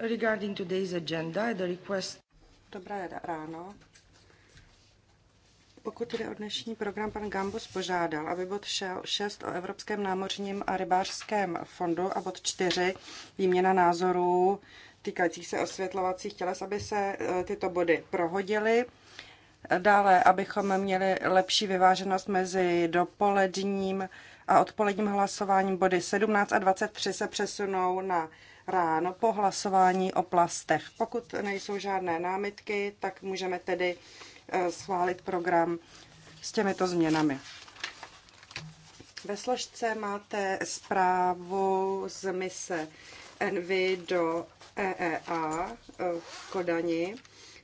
Regarding today's agenda, the request... Dobré ráno. Pokud jde o dnešní program, pan Gambus požádal, aby bod 6 o Evropském námořním a rybářském fondu a bod 4 výměna názorů týkajících se osvětlovacích těles, aby se e, tyto body prohodily. Dále, abychom měli lepší vyváženost mezi dopoledním a odpoledním hlasováním, body 17 a 23 se přesunou na ráno po hlasování o plastech. Pokud nejsou žádné námitky, tak můžeme tedy eh, schválit program s těmito změnami. Ve složce máte zprávu z mise Envy do EEA eh, v Kodani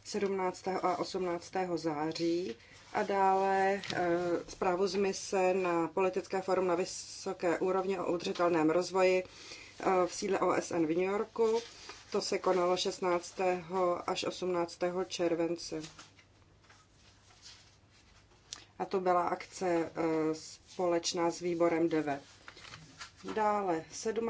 17. a 18. září a dále eh, zprávu z mise na politické forum na vysoké úrovni o udržitelném rozvoji v sídle OSN v New Yorku. To se konalo 16. až 18. července. A to byla akce eh, společná s výborem DEVE. Dále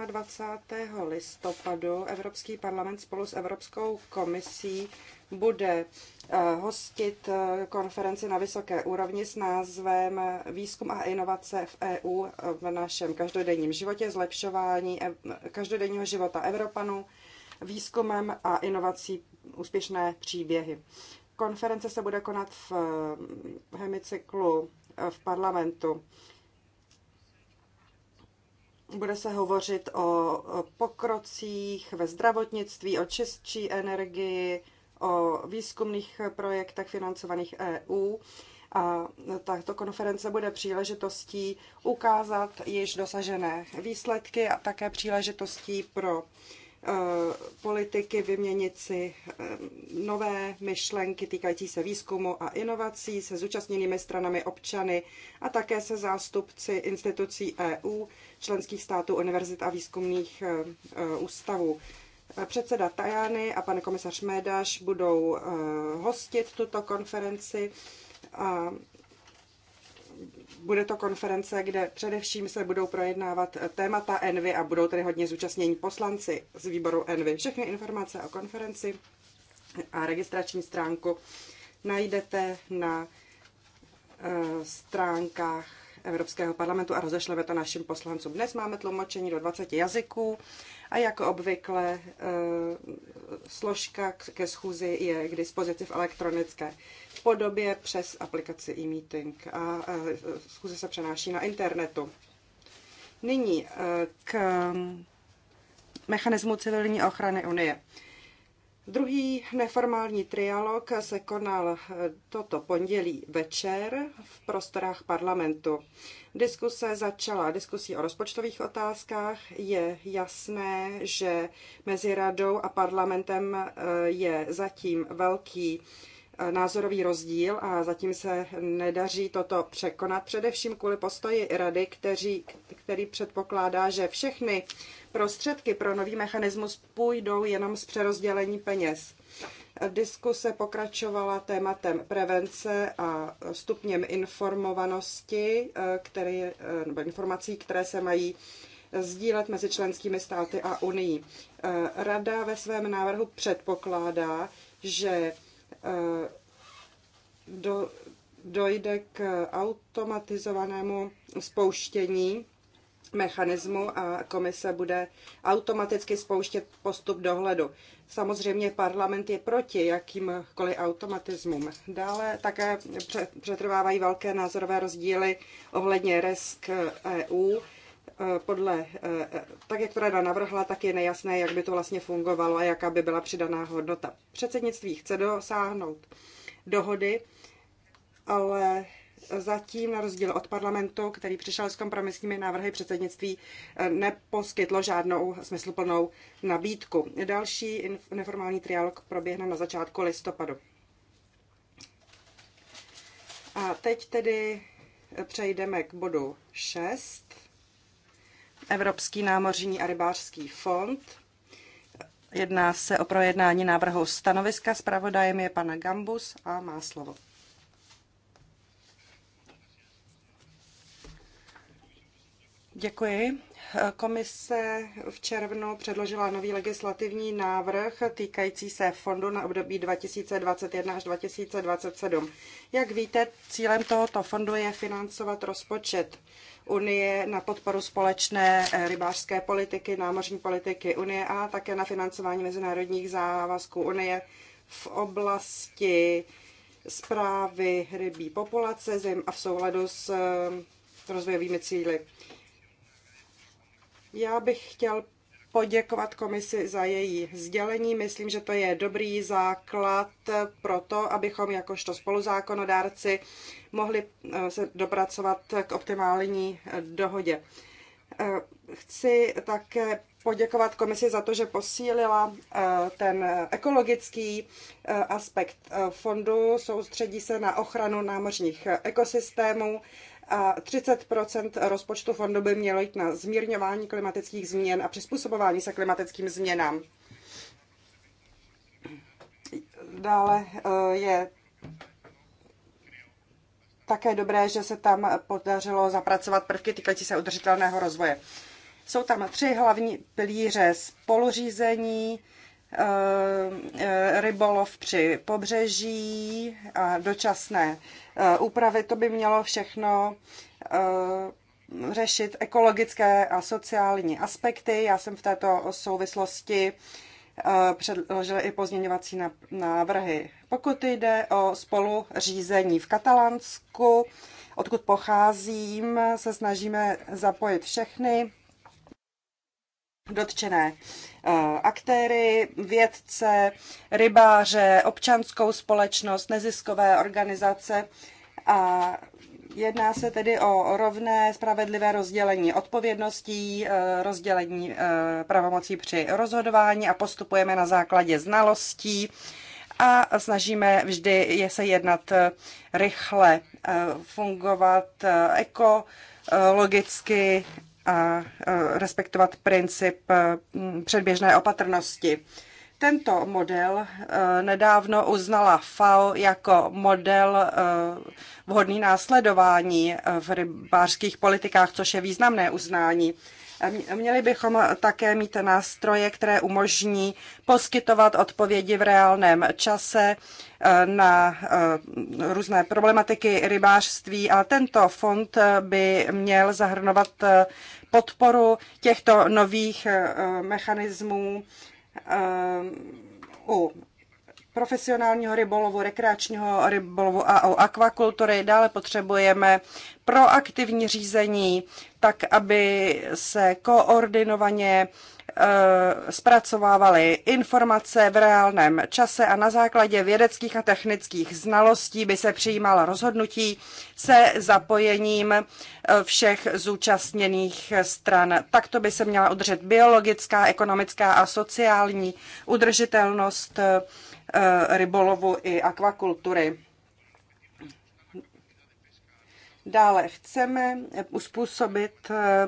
27. listopadu Evropský parlament spolu s Evropskou komisí bude eh, hostit eh, konferenci na vysoké úrovni s názvem Výzkum a inovace v EU eh, v našem každodenním životě, zlepšování každodenního života Evropanů, výzkumem a inovací úspěšné příběhy. Konference se bude konat v hemicyklu v parlamentu. Bude se hovořit o pokrocích ve zdravotnictví, o čistší energii, o výzkumných projektech financovaných EU. A tato konference bude příležitostí ukázat již dosažené výsledky a také příležitostí pro e, politiky vyměnit si e, nové myšlenky týkající se výzkumu a inovací se zúčastněnými stranami občany a také se zástupci institucí EU, členských států, univerzit a výzkumných e, ústavů. Předseda Tajany a pan komisař Médáš budou eh, hostit tuto konferenci a bude to konference, kde především se budou projednávat témata Envy a budou tedy hodně zúčastnění poslanci z výboru Envy. Všechny informace o konferenci a registrační stránku najdete na eh, stránkách Evropského parlamentu a rozešleme to našim poslancům. Dnes máme tlumočení do 20 jazyků a jako obvykle eh, složka ke schůzi je k dispozici v elektronické podobě přes aplikaci e-meeting a eh, schůze se přenáší na internetu. Nyní eh, k mm, mechanismu civilní ochrany Unie. Druhý neformální trialog se konal eh, toto pondělí večer v prostorách parlamentu. Diskuse začala diskusí o rozpočtových otázkách. Je jasné, že mezi radou a parlamentem eh, je zatím velký Eh, názorový rozdíl a zatím se nedaří toto překonat, především kvůli postoji rady, kteří, který předpokládá, že všechny prostředky pro nový mechanismus půjdou jenom z přerozdělení peněz. Diskuse pokračovala tématem prevence a stupněm informovanosti, eh, které, eh, nebo informací, které se mají sdílet mezi členskými státy a Unii. Rada ve svém návrhu předpokládá, že Eh, do, dojde k automatizovanému spouštění mechanismu a komise bude automaticky spouštět postup dohledu. Samozřejmě parlament je proti jakýmkoliv automatismům. Dále také přetrvávají velké názorové rozdíly ohledně resk EU eh, e Eh, podle, eh, tak jak to rada navrhla, tak je nejasné, jak by to vlastně fungovalo a jaká by byla přidaná hodnota. Předsednictví chce dosáhnout dohody, ale zatím, na rozdíl od parlamentu, který přišel s kompromisními návrhy předsednictví, eh, neposkytlo žádnou smysluplnou nabídku. Další neformální trialog proběhne na začátku listopadu. A teď tedy přejdeme k bodu 6. Evropský námořní a rybářský fond. Jedná se o projednání návrhu stanoviska. Spravodajem je pana Gambus a má slovo. Děkuji. Komise v červnu předložila nový legislativní návrh týkající se fondu na období 2021 až 2027. Jak víte, cílem tohoto fondu je financovat rozpočet Unie na podporu společné eh, rybářské politiky, námořní politiky Unie a také na financování mezinárodních závazků Unie v oblasti zprávy rybí populace zem a v souladu s eh, rozvojovými cíly. Já bych chtěl poděkovat komisi za její sdělení. Myslím, že to je dobrý základ pro to, abychom jakožto spoluzákonodárci mohli eh, se dopracovat k optimální eh, dohodě. Eh, chci také poděkovat komisi za to, že posílila ten ekologický aspekt fondu, soustředí se na ochranu námořních ekosystémů a 30 rozpočtu fondu by mělo jít na zmírňování klimatických změn a přizpůsobování se klimatickým změnám. Dále eh, je také dobré, že se tam podařilo zapracovat prvky týkající se udržitelného rozvoje. Jsou tam tři hlavní pilíře spoluřízení, Eh, rybolov při pobřeží a dočasné eh, úpravy. To by mělo všechno eh, řešit ekologické a sociální aspekty. Já jsem v této souvislosti předložili i pozměňovací návrhy. Pokud jde o spoluřízení v Katalánsku, odkud pocházím, se snažíme zapojit všechny dotčené eh, aktéry, vědce, rybáře, občanskou společnost, neziskové organizace a Jedná se tedy o rovné, spravedlivé rozdělení odpovědností, eh, rozdělení eh, pravomocí při rozhodování a postupujeme na základě znalostí a snažíme vždy je se jednat rychle, fungovat ekologicky a respektovat princip e, předběžné opatrnosti. Tento model e, nedávno uznala FAO jako model e, vhodný následování v rybářských politikách, což je významné uznání. Měli bychom také mít nástroje, které umožní poskytovat odpovědi v reálném čase eh, na eh, různé problematiky rybářství a tento fond eh, by měl zahrnovat podporu těchto nových mechanismů u profesionálního rybolovu, rekreačního rybolovu a o akvakultury. Dále potřebujeme proaktivní řízení, tak aby se koordinovaně eh, zpracovávaly informace v reálném čase a na základě vědeckých a technických znalostí by se přijímala rozhodnutí se zapojením eh, všech zúčastněných stran. Takto by se měla udržet biologická, ekonomická a sociální udržitelnost eh, Eh, rybolovu i akvakultury. Dále chceme uspůsobit eh,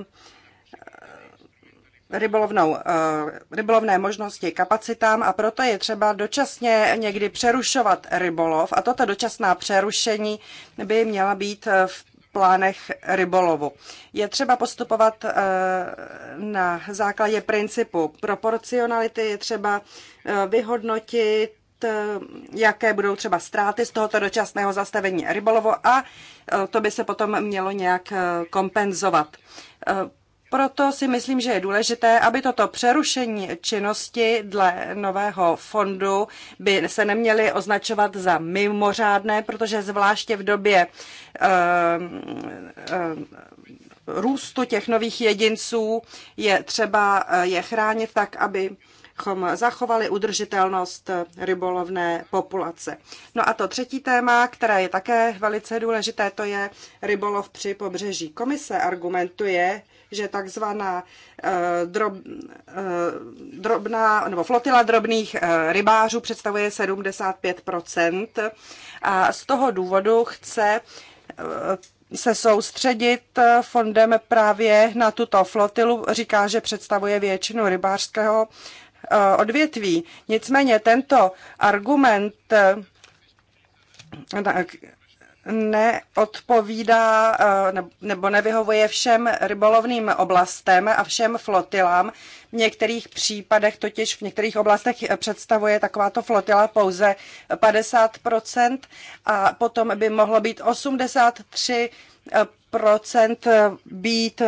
rybolovnou, eh, rybolovné možnosti kapacitám a proto je třeba dočasně někdy přerušovat rybolov a toto dočasná přerušení by měla být v plánech rybolovu. Je třeba postupovat na základě principu proporcionality, je třeba vyhodnotit Eh, jaké budou třeba ztráty z tohoto dočasného zastavení rybolovu a eh, to by se potom mělo nějak eh, kompenzovat. Proto si myslím, že je důležité, aby toto přerušení činnosti dle nového fondu by se neměly označovat za mimořádné, protože zvláště v době uh, uh, růstu těch nových jedinců je třeba je chránit tak, aby abychom zachovali udržitelnost rybolovné populace. No a to třetí téma, které je také velice důležité, to je rybolov při pobřeží. Komise argumentuje, že takzvaná eh, drob, eh, drobná, nebo flotila drobných eh, rybářů představuje 75 a z toho důvodu chce se soustředit fondem právě na tuto flotilu. Říká, že představuje většinu rybářského Eh, odvětví. Nicméně tento argument eh, neodpovídá eh, nebo nevyhovuje všem rybolovným oblastem a všem flotilám. V některých případech, totiž v některých oblastech představuje takováto flotila pouze 50 a potom by mohlo být 83 být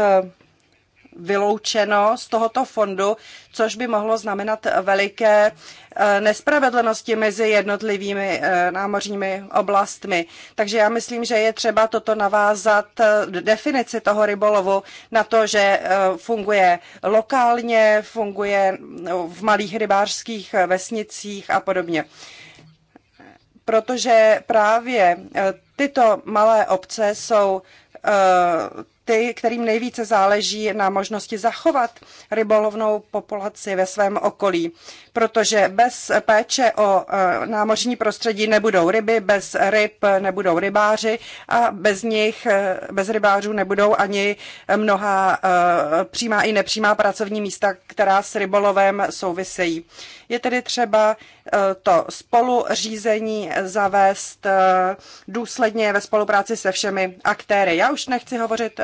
vyloučeno z tohoto fondu, což by mohlo znamenat veliké eh, nespravedlnosti mezi jednotlivými eh, námořními oblastmi. Takže já myslím, že je třeba toto navázat eh, definici toho rybolovu na to, že funguje lokálně, funguje no, v malých rybářských vesnicích a podobně. Protože právě tyto malé obce jsou ty, kterým nejvíce záleží na možnosti zachovat rybolovnou populaci ve svém okolí protože bez péče o eh, námořní prostředí nebudou ryby, bez ryb nebudou rybáři a bez nich, eh, bez rybářů nebudou ani mnoha eh, přímá i nepřímá pracovní místa, která s rybolovem souvisejí. Je tedy třeba to spoluřízení zavést důsledně ve spolupráci se všemi aktéry. Já už nechci hovořit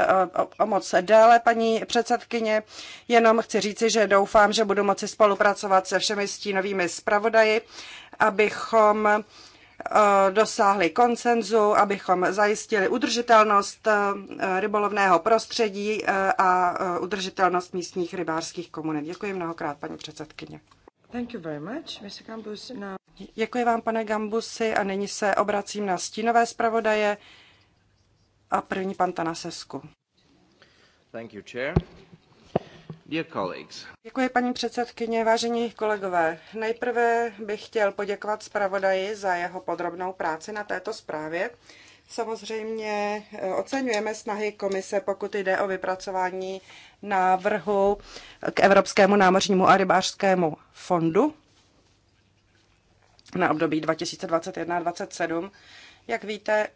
o moc déle, paní předsedkyně, jenom chci říci, že doufám, že budu moci spolupracovat se všemi spolupracujeme s zpravodaji, abychom eh, dosáhli konsenzu, abychom zajistili udržitelnost eh, rybolovného prostředí eh, a udržitelnost místních rybářských komunit. Děkuji mnohokrát, paní předsedkyně. Thank you very much, Mr. Gambus. Now... Děkuji vám, pane Gambusi, a nyní se obracím na stínové zpravodaje a první pan Tanasesku. Thank you, chair. Děkuji, paní předsedkyně, vážení kolegové. Nejprve bych chtěl poděkovat zpravodaji za jeho podrobnou práci na této zprávě. Samozřejmě eh, oceňujeme snahy komise, pokud jde o vypracování návrhu k Evropskému námořnímu a rybářskému fondu na období 2021-2027. Jak víte,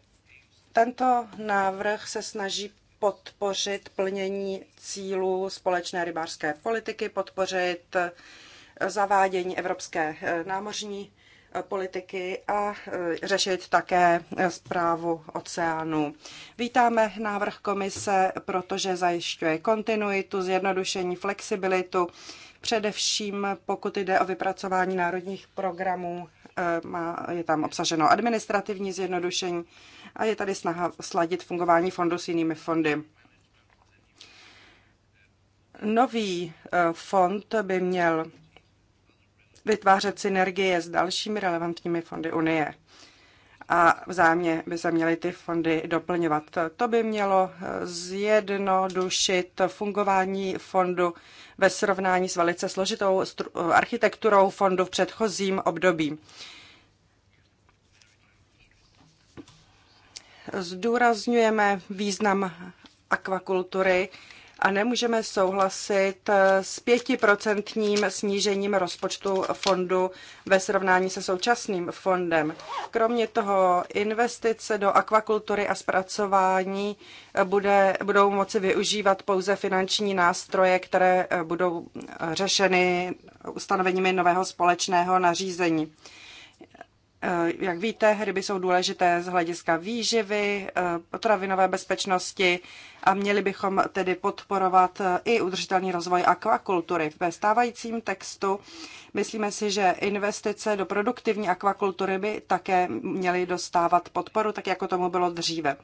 tento návrh se snaží podpořit plnění cílů společné rybářské politiky, podpořit eh, zavádění evropské eh, námořní eh, politiky a řešit také zprávu oceánů. Vítáme návrh komise, protože zajišťuje kontinuitu, zjednodušení, flexibilitu, především pokud jde o vypracování národních programů, je tam obsaženo administrativní zjednodušení, a je tady snaha sladit fungování fondu s jinými fondy. Nový eh, fond by měl vytvářet synergie s dalšími relevantními fondy Unie a vzájemně by se měly ty fondy doplňovat. To by mělo eh, zjednodušit fungování fondu ve srovnání s velice složitou eh, architekturou fondu v předchozím období. zdůrazňujeme význam akvakultury a nemůžeme souhlasit s pětiprocentním snížením rozpočtu fondu ve srovnání se současným fondem. Kromě toho investice do akvakultury a zpracování bude, budou moci využívat pouze finanční nástroje, které budou řešeny ustanoveními nového společného nařízení. Eh, jak víte, ryby jsou důležité z hlediska výživy, eh, potravinové bezpečnosti a měli bychom tedy podporovat eh, i udržitelný rozvoj akvakultury. Ve stávajícím textu myslíme si, že investice do produktivní akvakultury by také měly dostávat podporu, tak jako tomu bylo dříve.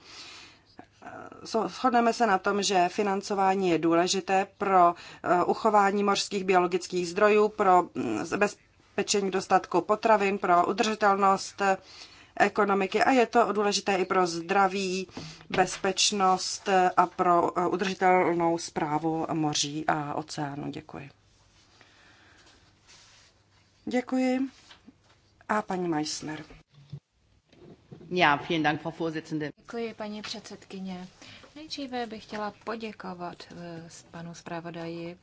Shodneme se na tom, že financování je důležité pro uchování mořských biologických zdrojů, pro mm, zabezpečení dostatku potravin, pro udržitelnost ekonomiky a je to důležité i pro zdraví, bezpečnost a pro eh, udržitelnou zprávu moří a oceánu. Děkuji. Děkuji. A paní Meissner. Já, vielen Dank, Frau Vorsitzende. Děkuji, paní předsedkyně. Nejdříve bych chtěla poděkovat eh, panu zpravodaji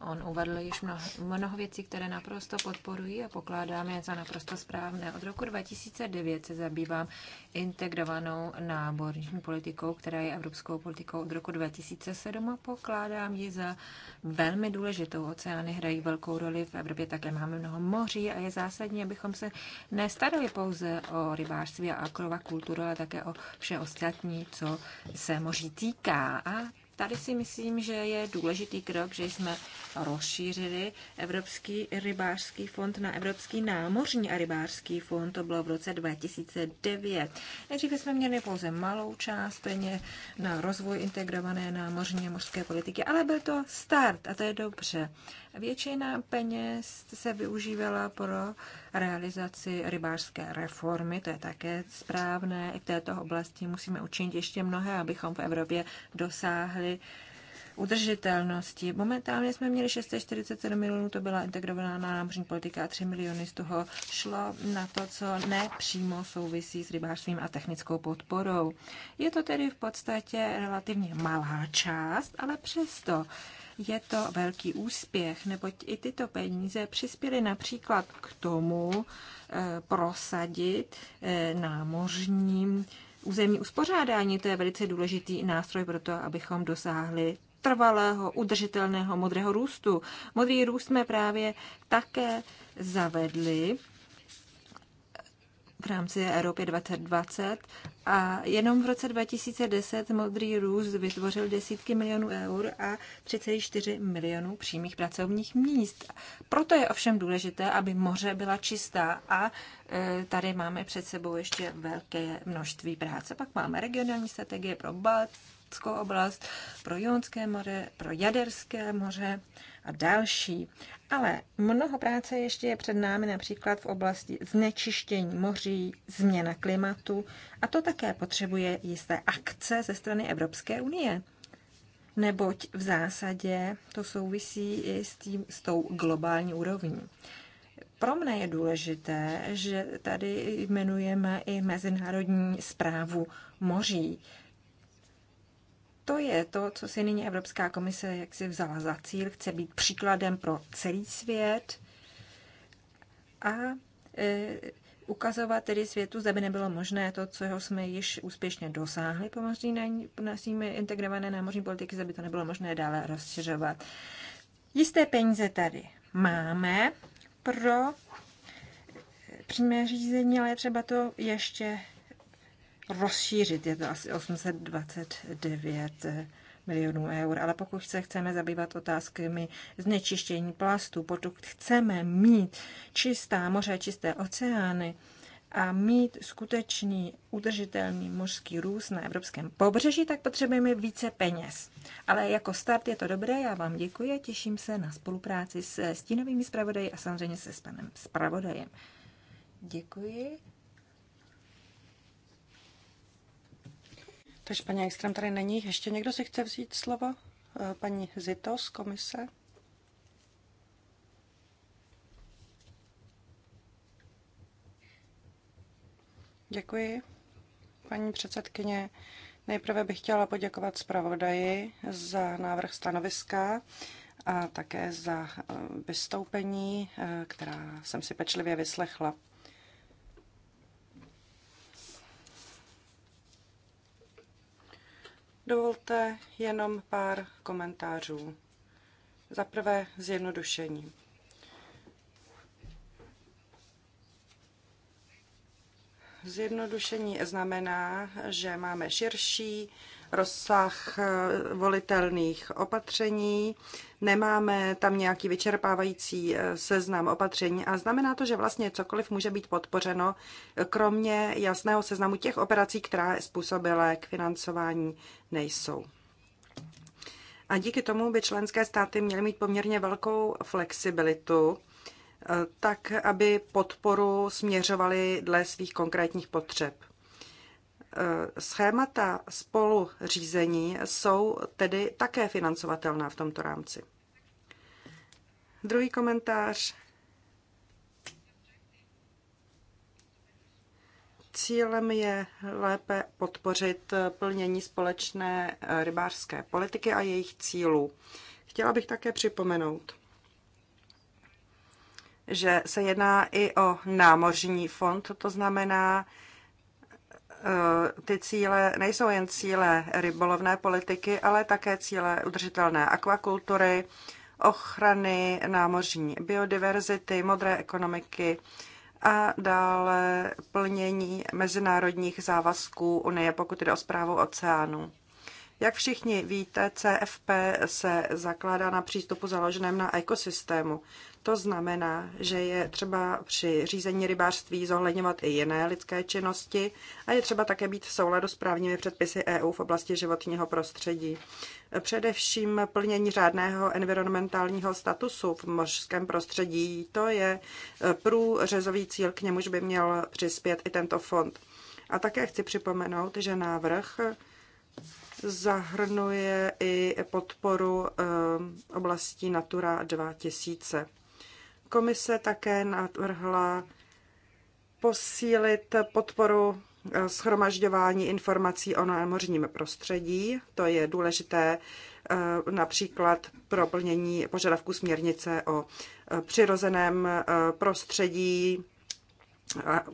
On uvedl již mnoho, mnoho věcí, které naprosto podporuji a pokládám je za naprosto správné. Od roku 2009 se zabývám integrovanou náborní politikou, která je evropskou politikou od roku 2007 a pokládám ji za velmi důležitou. Oceány hrají velkou roli, v Evropě také máme mnoho moří a je zásadní, abychom se nestarali pouze o rybářství a akrovakulturu, ale také o vše ostatní, co se moří týká. A Tady si myslím, že je důležitý krok, že jsme rozšířili Evropský rybářský fond na Evropský námořní a rybářský fond. To bylo v roce 2009. Nejdříve jsme měli pouze malou část peně na rozvoj integrované námořní a mořské politiky, ale byl to start a to je dobře. Většina peněz se využívala pro realizaci rybářské reformy, to je také správné. I v této oblasti musíme učinit ještě mnohé, abychom v Evropě dosáhli udržitelnosti. Momentálně jsme měli 647 milionů, to byla integrovaná námořní politika a 3 miliony z toho šlo na to, co nepřímo souvisí s rybářstvím a technickou podporou. Je to tedy v podstatě relativně malá část, ale přesto je to velký úspěch, neboť i tyto peníze přispěly například k tomu eh, prosadit eh, námořním územní uspořádání. To je velice důležitý nástroj pro to, abychom dosáhli trvalého, udržitelného modrého růstu. Modrý růst jsme právě také zavedli v rámci Evropy 2020 a jenom v roce 2010 Modrý růst vytvořil desítky milionů eur a 34 milionů přímých pracovních míst. Proto je ovšem důležité, aby moře byla čistá a e, tady máme před sebou ještě velké množství práce. Pak máme regionální strategie pro Baltskou oblast, pro Jonské moře, pro Jaderské moře a další. Ale mnoho práce ještě je před námi například v oblasti znečištění moří, změna klimatu a to také potřebuje jisté akce ze strany Evropské unie. Neboť v zásadě to souvisí i s, tím, s tou globální úrovní. Pro mne je důležité, že tady jmenujeme i Mezinárodní zprávu moří to je to, co si nyní Evropská komise jak si vzala za cíl, chce být příkladem pro celý svět a e, ukazovat tedy světu, zda by nebylo možné to, co jsme již úspěšně dosáhli pomocí nasíme integrované námořní politiky, zda by to nebylo možné dále rozšiřovat. Jisté peníze tady máme pro přímé řízení, ale je třeba to ještě rozšířit. Je to asi 829 eh, milionů eur. Ale pokud se chceme zabývat otázkami znečištění plastů, pokud chceme mít čistá moře, čisté oceány, a mít skutečný udržitelný mořský růst na evropském pobřeží, tak potřebujeme více peněz. Ale jako start je to dobré, já vám děkuji a těším se na spolupráci se stínovými zpravodaji a samozřejmě se s panem zpravodajem. Děkuji. Takže paní Ekstrem tady není. Ještě někdo si chce vzít slovo? Eh, paní Zito z komise. Děkuji. Paní předsedkyně, nejprve bych chtěla poděkovat zpravodaji za návrh stanoviska a také za eh, vystoupení, eh, která jsem si pečlivě vyslechla. Dovolte jenom pár komentářů. Za prvé zjednodušení. Zjednodušení znamená, že máme širší rozsah eh, volitelných opatření, nemáme tam nějaký vyčerpávající eh, seznam opatření a znamená to, že vlastně cokoliv může být podpořeno, kromě jasného seznamu těch operací, která způsobilé k financování nejsou. A díky tomu by členské státy měly mít poměrně velkou flexibilitu, eh, tak aby podporu směřovali dle svých konkrétních potřeb. Eh, schémata spoluřízení jsou tedy také financovatelná v tomto rámci. Druhý komentář. Cílem je lépe podpořit plnění společné eh, rybářské politiky a jejich cílů. Chtěla bych také připomenout, že se jedná i o námořní fond, to znamená, Eh, ty cíle nejsou jen cíle rybolovné politiky, ale také cíle udržitelné akvakultury, ochrany námořní biodiverzity, modré ekonomiky a dále plnění mezinárodních závazků Unie, pokud jde o zprávu oceánů. Jak všichni víte, CFP se zakládá na přístupu založeném na ekosystému. To znamená, že je třeba při řízení rybářství zohledňovat i jiné lidské činnosti a je třeba také být v souladu s právními předpisy EU v oblasti životního prostředí. Především plnění řádného environmentálního statusu v mořském prostředí, to je eh, průřezový cíl, k němuž by měl přispět i tento fond. A také chci připomenout, že návrh zahrnuje i podporu ehm, oblastí Natura 2000. Komise také navrhla posílit podporu eh, schromažďování informací o námořním prostředí. To je důležité eh, například pro plnění požadavků směrnice o eh, přirozeném prostředí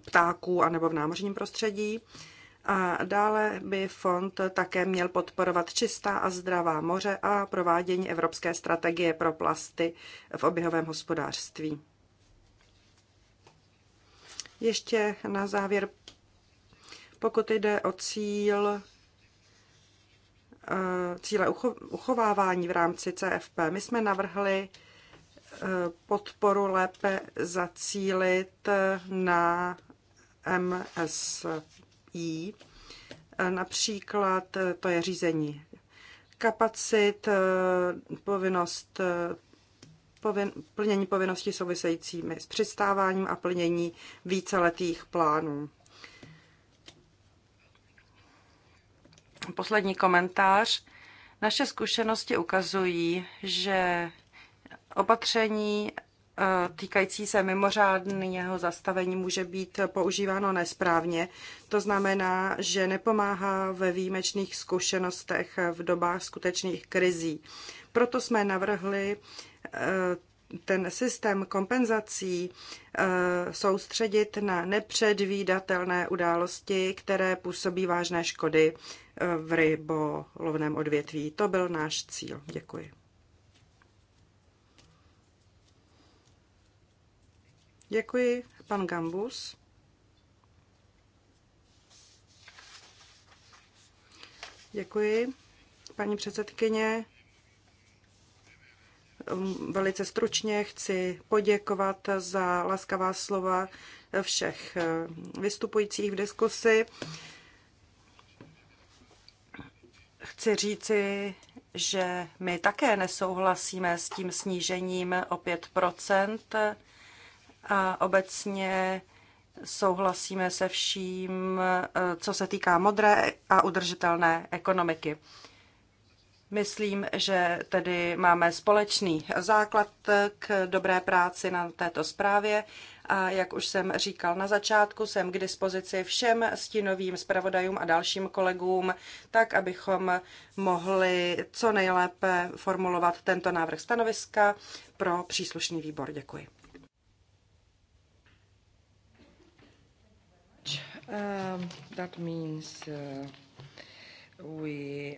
ptáků anebo v námořním prostředí. A dále by fond také měl podporovat čistá a zdravá moře a provádění evropské strategie pro plasty v oběhovém hospodářství. Ještě na závěr, pokud jde o cíl eh, cíle uchovávání v rámci CFP, my jsme navrhli eh, podporu lépe zacílit eh, na MSP jí. E, například e, to je řízení kapacit, e, povinnost povin, plnění povinností souvisejícími s přistáváním a plnění víceletých plánů. Poslední komentář. Naše zkušenosti ukazují, že opatření týkající se mimořádného zastavení může být používáno nesprávně. To znamená, že nepomáhá ve výjimečných zkušenostech v dobách skutečných krizí. Proto jsme navrhli eh, ten systém kompenzací eh, soustředit na nepředvídatelné události, které působí vážné škody eh, v rybolovném odvětví. To byl náš cíl. Děkuji. Děkuji, pan Gambus. Děkuji, paní předsedkyně. Um, velice stručně chci poděkovat za laskavá slova všech eh, vystupujících v diskusi. Chci říci, že my také nesouhlasíme s tím snížením o 5 a obecně souhlasíme se vším, eh, co se týká modré a udržitelné ekonomiky. Myslím, že tedy máme společný základ k dobré práci na této zprávě a jak už jsem říkal na začátku, jsem k dispozici všem stínovým zpravodajům a dalším kolegům, tak abychom mohli co nejlépe formulovat tento návrh stanoviska pro příslušný výbor. Děkuji. Um, that means uh, we...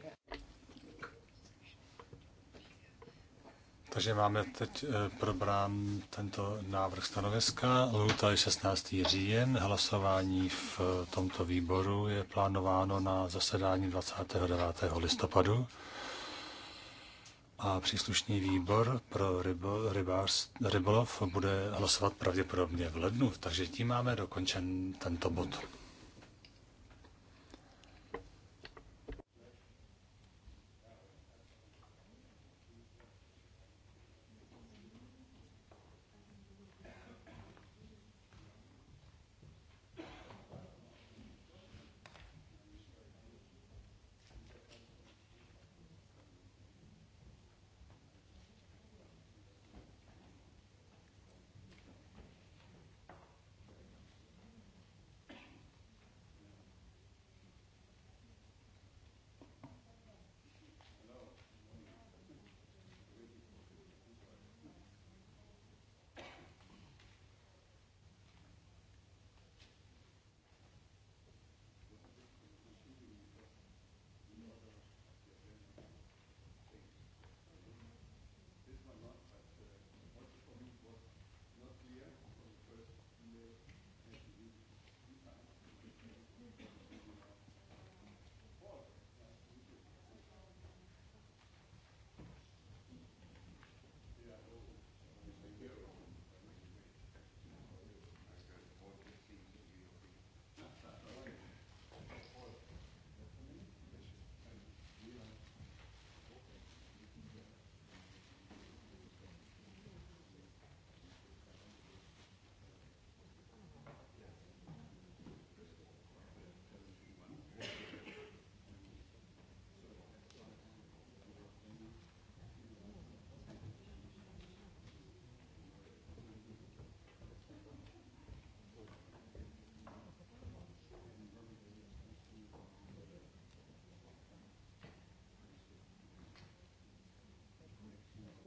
Takže máme teď eh, probrán tento návrh stanoviska. Lhuta je 16. říjen. Hlasování v eh, tomto výboru je plánováno na zasedání 29. listopadu. A příslušný výbor pro rybo, rybolov bude hlasovat pravděpodobně v lednu, takže tím máme dokončen tento bod.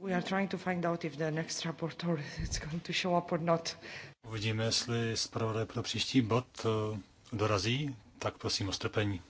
We are trying to find out if the next rapporteur is going to show up or not. Uvidíme, jestli zpravodaj pro příští bod eh, dorazí, tak prosím o strpení.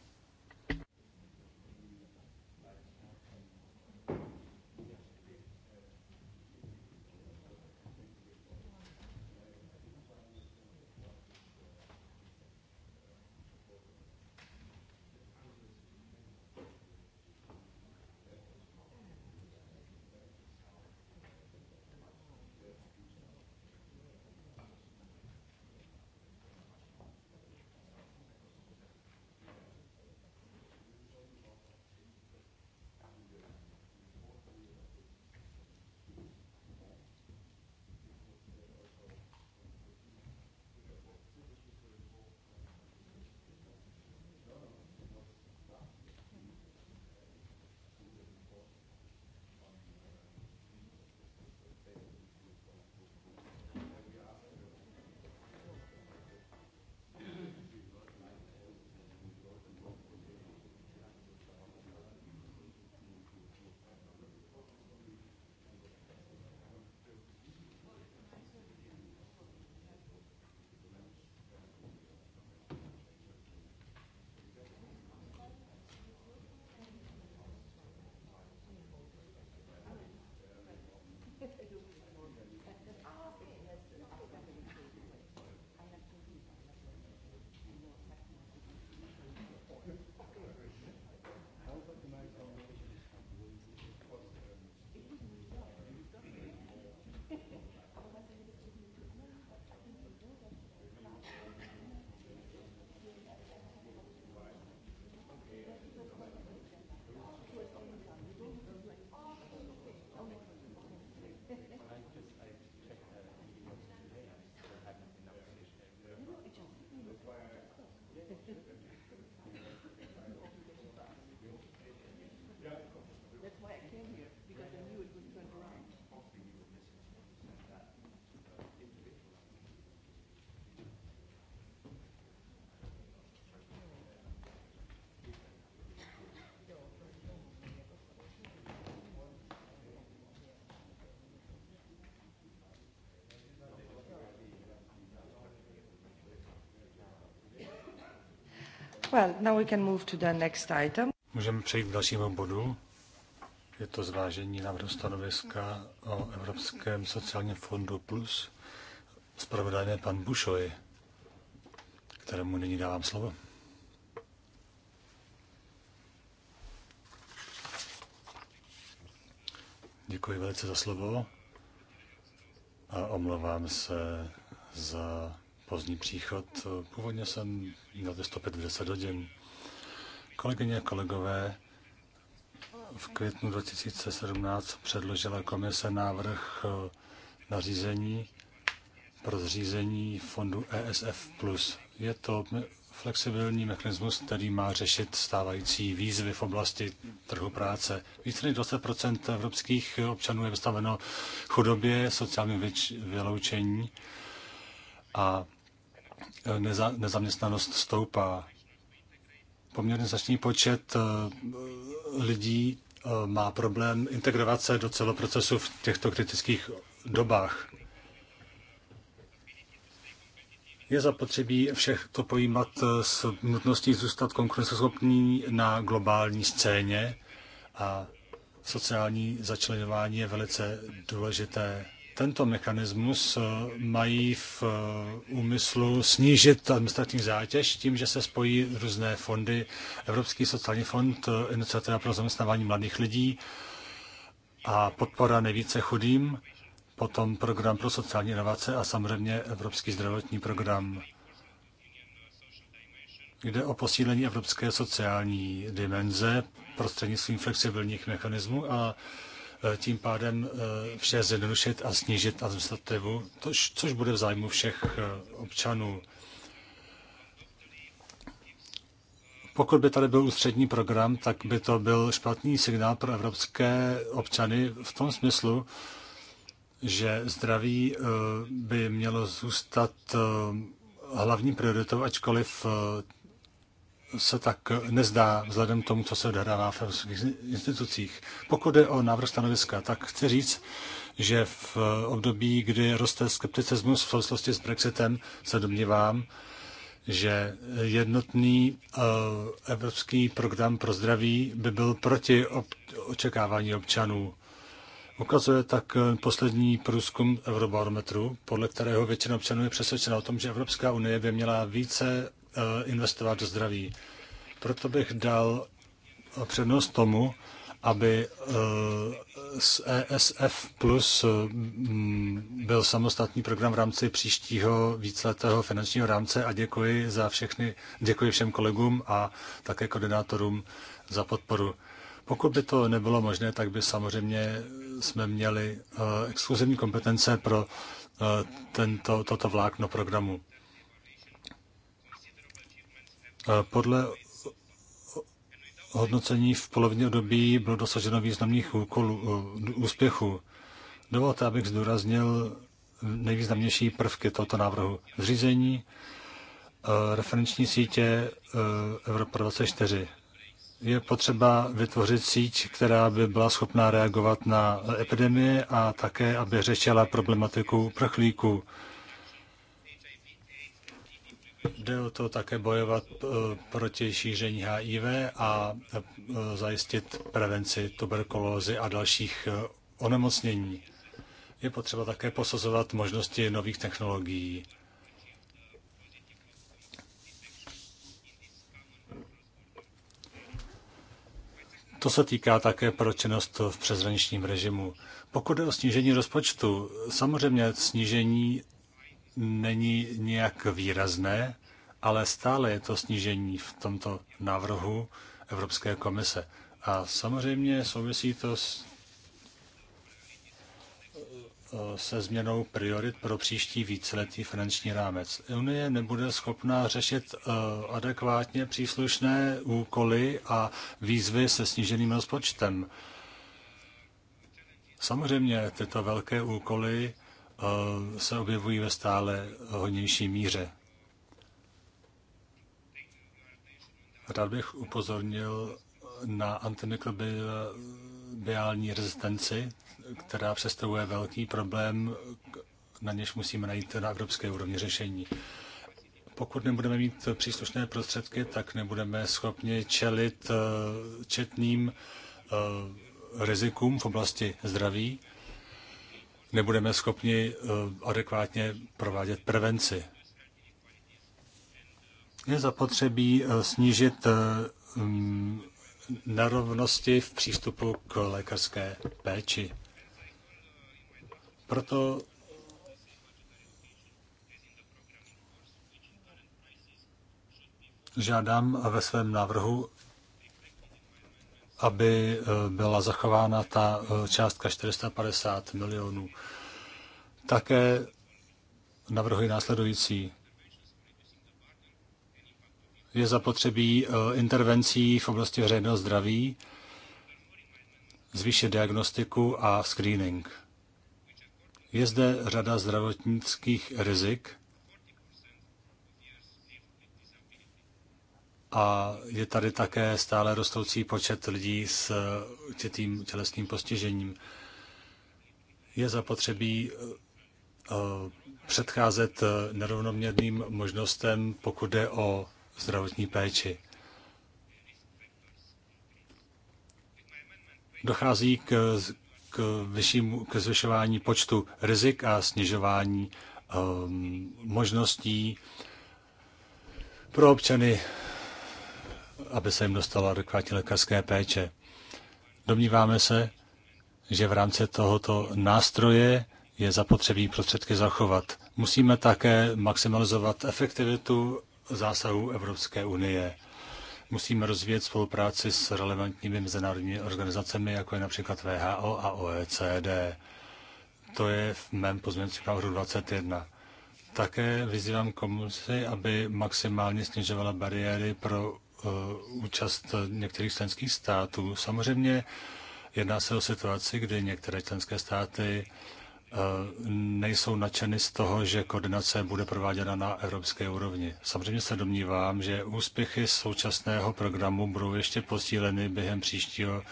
Well, now we can move to the next item. Můžeme přejít k dalšímu bodu. Je to zvážení návrhu stanoviska o Evropském sociálním fondu Plus. Spravodajné pan Bušoj, kterému nyní dávám slovo. Děkuji velice za slovo a omlouvám se za pozdní příchod. Původně jsem měl vystoupit v 10 hodin. Kolegyně a kolegové, v květnu 2017 předložila komise návrh eh, nařízení pro zřízení fondu ESF+. Je to flexibilní mechanismus, který má řešit stávající výzvy v oblasti trhu práce. Více než 20 evropských občanů je vystaveno chudobě, sociálním vyloučení a neza, nezaměstnanost stoupá. Poměrně značný počet eh, lidí eh, má problém integrovat se do celého procesu v těchto kritických dobách. Je zapotřebí všech to pojímat eh, s nutností zůstat konkurenceschopní na globální scéně a sociální začlenování je velice důležité tento mechanismus eh, mají v eh, úmyslu snížit administrativní zátěž tím, že se spojí různé fondy, Evropský sociální fond, eh, Iniciativa pro zaměstnávání mladých lidí a podpora nejvíce chudým, potom program pro sociální inovace a samozřejmě Evropský zdravotní program. Jde o posílení evropské sociální dimenze prostřednictvím flexibilních mechanismů a Eh, tím pádem eh, vše zjednodušit a snížit administrativu, což bude v zájmu všech eh, občanů. Pokud by tady byl ústřední program, tak by to byl špatný signál pro evropské občany v tom smyslu, že zdraví by mělo zůstat hlavní prioritou, ačkoliv se tak nezdá vzhledem k tomu, co se odehrává v evropských institucích. Pokud je o návrh stanoviska, tak chci říct, že v období, kdy roste skepticismus v souvislosti s Brexitem, se domnívám, že jednotný eh, evropský program pro zdraví by byl proti očekávání občanů. Ukazuje tak poslední průzkum Eurobarometru, podle kterého většina občanů je přesvědčena o tom, že Evropská unie by měla více Eh, investovat do zdraví. Proto bych dal přednost tomu, aby z eh, ESF Plus eh, byl samostatný program v rámci příštího víceletého finančního rámce a děkuji za všechny, děkuji všem kolegům a také koordinátorům za podporu. Pokud by to nebylo možné, tak by samozřejmě jsme měli exkluzivní kompetence pro tento, toto vlákno programu. Podle hodnocení v polovině období bylo dosaženo významných úkolů, eh, úspěchů. Dovolte, abych zdůraznil nejvýznamnější prvky tohoto návrhu. Zřízení eh, referenční sítě eh, Evropa 24. Je potřeba vytvořit síť, která by byla schopná reagovat na epidemie a také, aby řešila problematiku prchlíků. Jde o to také bojovat eh, proti šíření HIV a eh, zajistit prevenci tuberkulózy a dalších eh, onemocnění. Je potřeba také posuzovat možnosti nových technologií. To se týká také pro činnost v přezraničním režimu. Pokud je o snížení rozpočtu, samozřejmě snížení není nějak výrazné, ale stále je to snížení v tomto návrhu Evropské komise. A samozřejmě souvisí to s, se změnou priorit pro příští víceletý finanční rámec. Unie nebude schopna řešit eh, adekvátně příslušné úkoly a výzvy se sníženým rozpočtem. Samozřejmě tyto velké úkoly Eh, se objevují ve stále hodnější míře. Rád bych upozornil na antimikrobiální rezistenci, která představuje velký problém, na něž musíme najít na evropské úrovni řešení. Pokud nebudeme mít příslušné prostředky, tak nebudeme schopni čelit eh, četným eh, rizikům v oblasti zdraví nebudeme schopni eh, adekvátně provádět prevenci. Je zapotřebí eh, snížit eh, mm, nerovnosti v přístupu k lékařské péči. Proto žádám ve svém návrhu aby eh, byla zachována ta eh, částka 450 milionů. Také navrhuji následující. Je zapotřebí eh, intervencí v oblasti veřejného zdraví, zvýšit diagnostiku a screening. Je zde řada zdravotnických rizik, a je tady také stále rostoucí počet lidí s určitým tělesným postižením. Je zapotřebí eh, předcházet nerovnoměrným možnostem, pokud jde o zdravotní péči. Dochází k, k, vyššímu, k zvyšování počtu rizik a snižování um, možností pro občany aby se jim dostalo adekvátní lékařské péče. Domníváme se, že v rámci tohoto nástroje je zapotřebí prostředky zachovat. Musíme také maximalizovat efektivitu zásahů Evropské unie. Musíme rozvíjet spolupráci s relevantními mezinárodními organizacemi, jako je například VHO a OECD. To je v mém pozměnci návrhu 21. Také vyzývám komisi, aby maximálně snižovala bariéry pro Eh, účast některých členských států. Samozřejmě jedná se o situaci, kdy některé členské státy eh, nejsou nadšeny z toho, že koordinace bude prováděna na evropské úrovni. Samozřejmě se domnívám, že úspěchy současného programu budou ještě posíleny během příštího,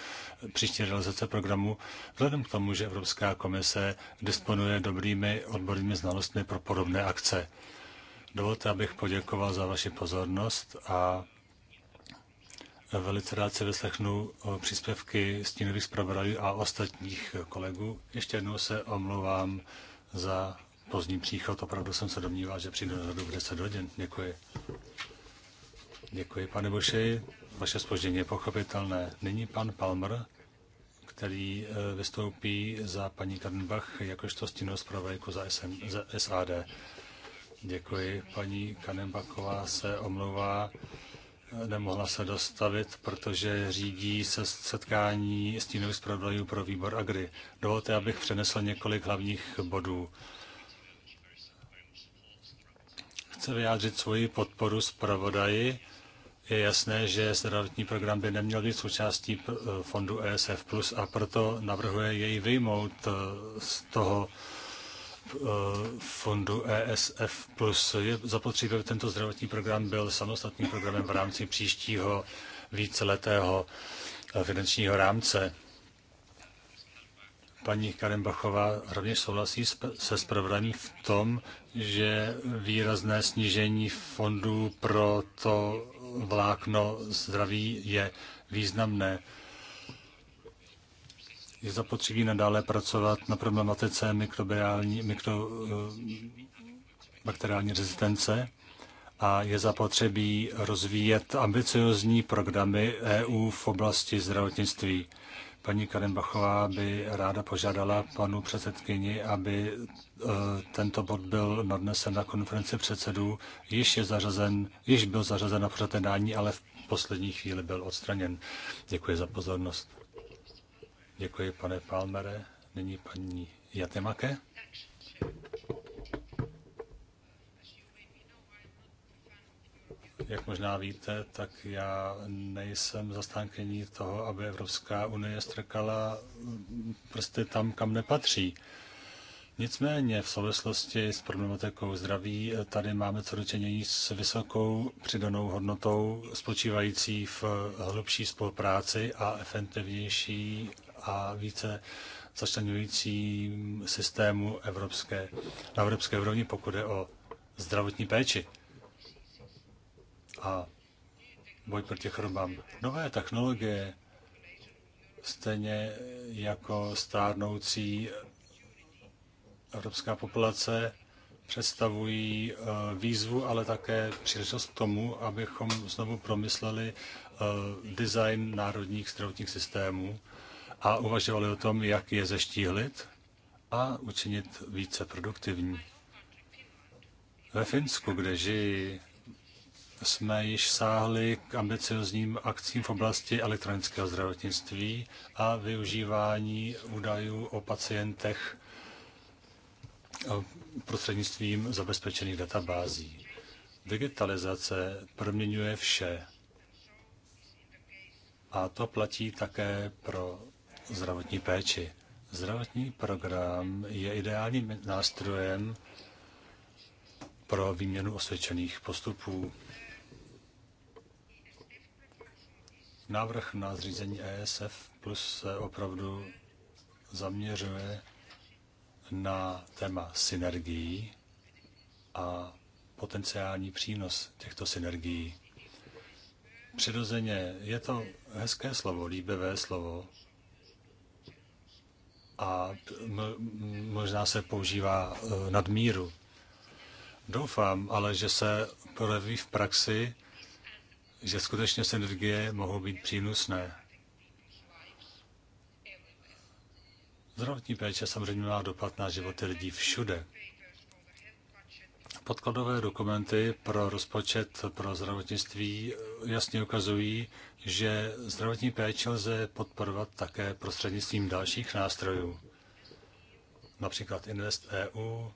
příští realizace programu, vzhledem k tomu, že Evropská komise disponuje dobrými odbornými znalostmi pro podobné akce. Dovolte, abych poděkoval za vaši pozornost a Velice rád se vyslechnu eh, příspěvky stínových zpravodajů a ostatních kolegů. Ještě jednou se omlouvám za pozdní příchod. Opravdu jsem se domníval, že přijde na dobu 10 hodin. Děkuji. Děkuji, pane Boši. Vaše spoždění je pochopitelné. Nyní pan Palmer, který eh, vystoupí za paní Kadenbach jakožto stínovou zpravodajku za, SM, za SAD. Děkuji. Paní Kanembaková se omlouvá nemohla se dostavit, protože řídí se setkání stínových zpravodajů pro výbor Agri. Dovolte, abych přenesl několik hlavních bodů. Chci vyjádřit svoji podporu zpravodaji. Je jasné, že zdravotní program by neměl být součástí fondu ESF+, a proto navrhuje jej vyjmout eh, z toho fondu ESF+. plus Je zapotřebí, aby tento zdravotní program byl samostatným programem v rámci příštího víceletého eh, finančního rámce. Paní Karen Bachová rovněž souhlasí se zpravodaním v tom, že výrazné snížení fondů pro to vlákno zdraví je významné je zapotřebí nadále pracovat na problematice mikrobiální, eh, bakteriální rezistence a je zapotřebí rozvíjet ambiciozní programy EU v oblasti zdravotnictví. Paní Karenbachová by ráda požádala panu předsedkyni, aby eh, tento bod byl nadnesen na konferenci předsedů. Již, je zařazen, již byl zařazen na pořad ale v poslední chvíli byl odstraněn. Děkuji za pozornost. Děkuji, pane Palmere. Nyní paní Jatemake. Jak možná víte, tak já nejsem zastánkyní toho, aby Evropská unie strkala prsty tam, kam nepatří. Nicméně v souvislosti s problematikou zdraví tady máme co dočinění s vysokou přidanou hodnotou spočívající v hlubší spolupráci a efektivnější a více začlenující systému evropské, na evropské úrovni, pokud je o zdravotní péči a boj proti chorobám. Nové technologie, stejně jako stárnoucí evropská populace, představují eh, výzvu, ale také příležitost k tomu, abychom znovu promysleli eh, design národních zdravotních systémů a uvažovali o tom, jak je zeštíhlit a učinit více produktivní. Ve Finsku, kde žijí, jsme již sáhli k ambiciozním akcím v oblasti elektronického zdravotnictví a využívání údajů o pacientech prostřednictvím zabezpečených databází. Digitalizace proměňuje vše. A to platí také pro zdravotní péči. Zdravotní program je ideálním nástrojem pro výměnu osvědčených postupů. Návrh na zřízení ESF plus se opravdu zaměřuje na téma synergií a potenciální přínos těchto synergií. Přirozeně je to hezké slovo, líbivé slovo, a možná se používá e, nadmíru. Doufám ale, že se projeví v praxi, že skutečně synergie mohou být přínosné. Zdravotní péče samozřejmě má dopad na životy lidí všude. Podkladové dokumenty pro rozpočet pro zdravotnictví eh, jasně ukazují, že zdravotní péči lze podporovat také prostřednictvím dalších nástrojů, například Invest EU,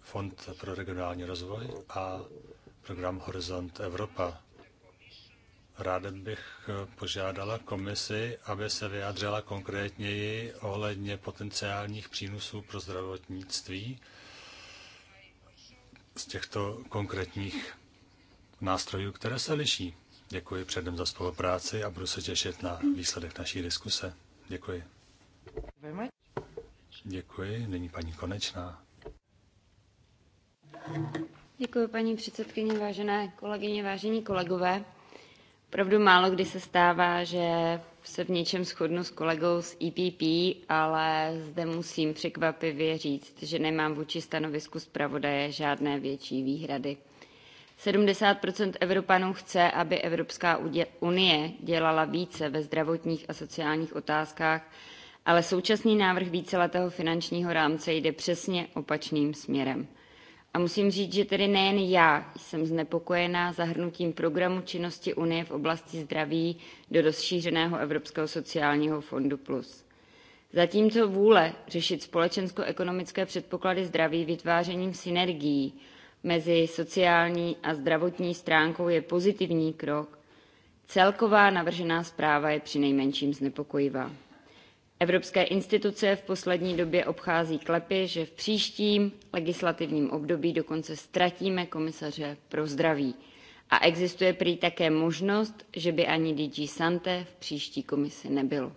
Fond pro regionální rozvoj a program Horizont Evropa. Ráda bych eh, požádala komisi, aby se vyjádřila konkrétněji ohledně potenciálních přínosů pro zdravotnictví z těchto konkrétních nástrojů, které se liší. Děkuji předem za spolupráci a budu se těšit na výsledek naší diskuse. Děkuji. Děkuji. Nyní paní Konečná. Děkuji, paní předsedkyně, vážené kolegyně, vážení kolegové. Opravdu málo kdy se stává, že se v něčem shodnu s kolegou z EPP, ale zde musím překvapivě říct, že nemám vůči stanovisku zpravodaje žádné větší výhrady. 70 Evropanů chce, aby Evropská unie dělala více ve zdravotních a sociálních otázkách, ale současný návrh víceletého finančního rámce jde přesně opačným směrem. A musím říct, že tedy nejen já jsem znepokojená zahrnutím programu činnosti Unie v oblasti zdraví do rozšířeného Evropského sociálního fondu plus. Zatímco vůle řešit společensko-ekonomické předpoklady zdraví vytvářením synergií mezi sociální a zdravotní stránkou je pozitivní krok, celková navržená zpráva je přinejmenším znepokojivá. Evropské instituce v poslední době obchází klepy, že v příštím legislativním období dokonce ztratíme komisaře pro zdraví. A existuje prý také možnost, že by ani DG Sante v příští komisi nebylo.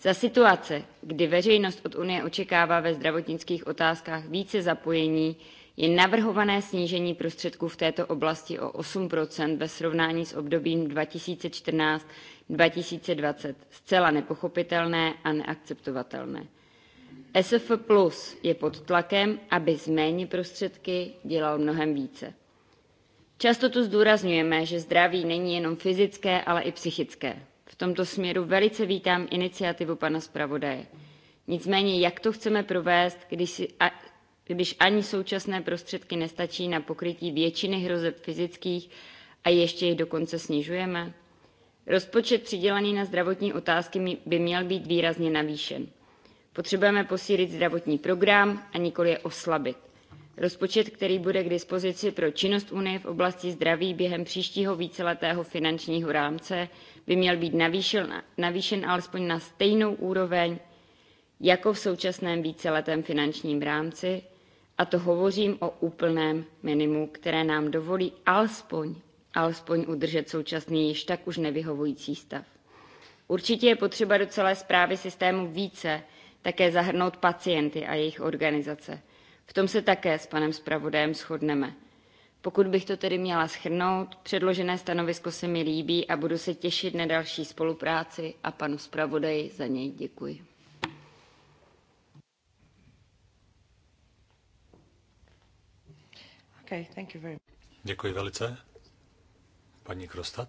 Za situace, kdy veřejnost od Unie očekává ve zdravotnických otázkách více zapojení, je navrhované snížení prostředků v této oblasti o 8 ve srovnání s obdobím 2014 2020 zcela nepochopitelné a neakceptovatelné. SF Plus je pod tlakem, aby z méně prostředky dělal mnohem více. Často tu zdůrazňujeme, že zdraví není jenom fyzické, ale i psychické. V tomto směru velice vítám iniciativu pana zpravodaje. Nicméně, jak to chceme provést, když, si a, když ani současné prostředky nestačí na pokrytí většiny hrozeb fyzických a ještě je dokonce snižujeme? Rozpočet přidělený na zdravotní otázky by měl být výrazně navýšen. Potřebujeme posílit zdravotní program a nikoli je oslabit. Rozpočet, který bude k dispozici pro činnost Unie v oblasti zdraví během příštího víceletého finančního rámce, by měl být navýšen, navýšen alespoň na stejnou úroveň jako v současném víceletém finančním rámci, a to hovořím o úplném minimu, které nám dovolí alespoň alespoň udržet současný již tak už nevyhovující stav. Určitě je potřeba do celé zprávy systému více také zahrnout pacienty a jejich organizace. V tom se také s panem zpravodajem shodneme. Pokud bych to tedy měla schrnout, předložené stanovisko se mi líbí a budu se těšit na další spolupráci a panu zpravodaji za něj děkuji. Okay, thank you very much. Děkuji velice. Paní Krostat?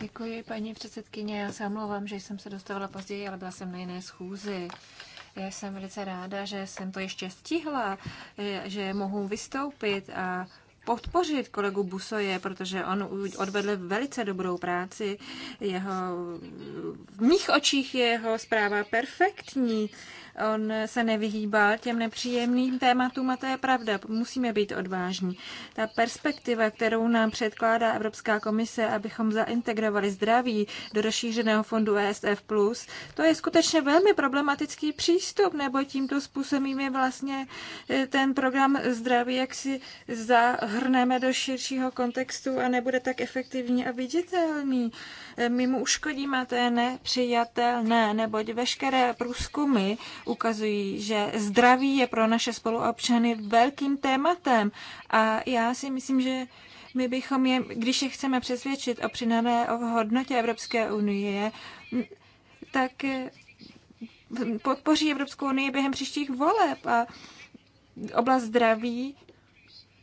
Děkuji, paní předsedkyně. Já se omlouvám, že jsem se dostavila později, ale byla jsem na jiné schůzi. Já jsem velice ráda, že jsem to ještě stihla, eh, že mohu vystoupit a podpořit kolegu Busoje, protože on odvedl velice dobrou práci. Jeho, v mých očích je jeho zpráva perfektní On se nevyhýbal těm nepříjemným tématům a to je pravda. Musíme být odvážní. Ta perspektiva, kterou nám předkládá Evropská komise, abychom zaintegrovali zdraví do rozšířeného fondu ESF+, to je skutečně velmi problematický přístup, nebo tímto způsobem je vlastně e, ten program zdraví, jak si zahrneme do širšího kontextu a nebude tak efektivní a viditelný. Eh, my mu uškodíme, to je nepřijatelné, neboť veškeré průzkumy ukazují, že zdraví je pro naše spoluobčany velkým tématem a já si myslím, že my bychom je, když je chceme přesvědčit o přinané hodnotě Evropské unie, tak eh, podpoří Evropskou unii během příštích voleb a oblast zdraví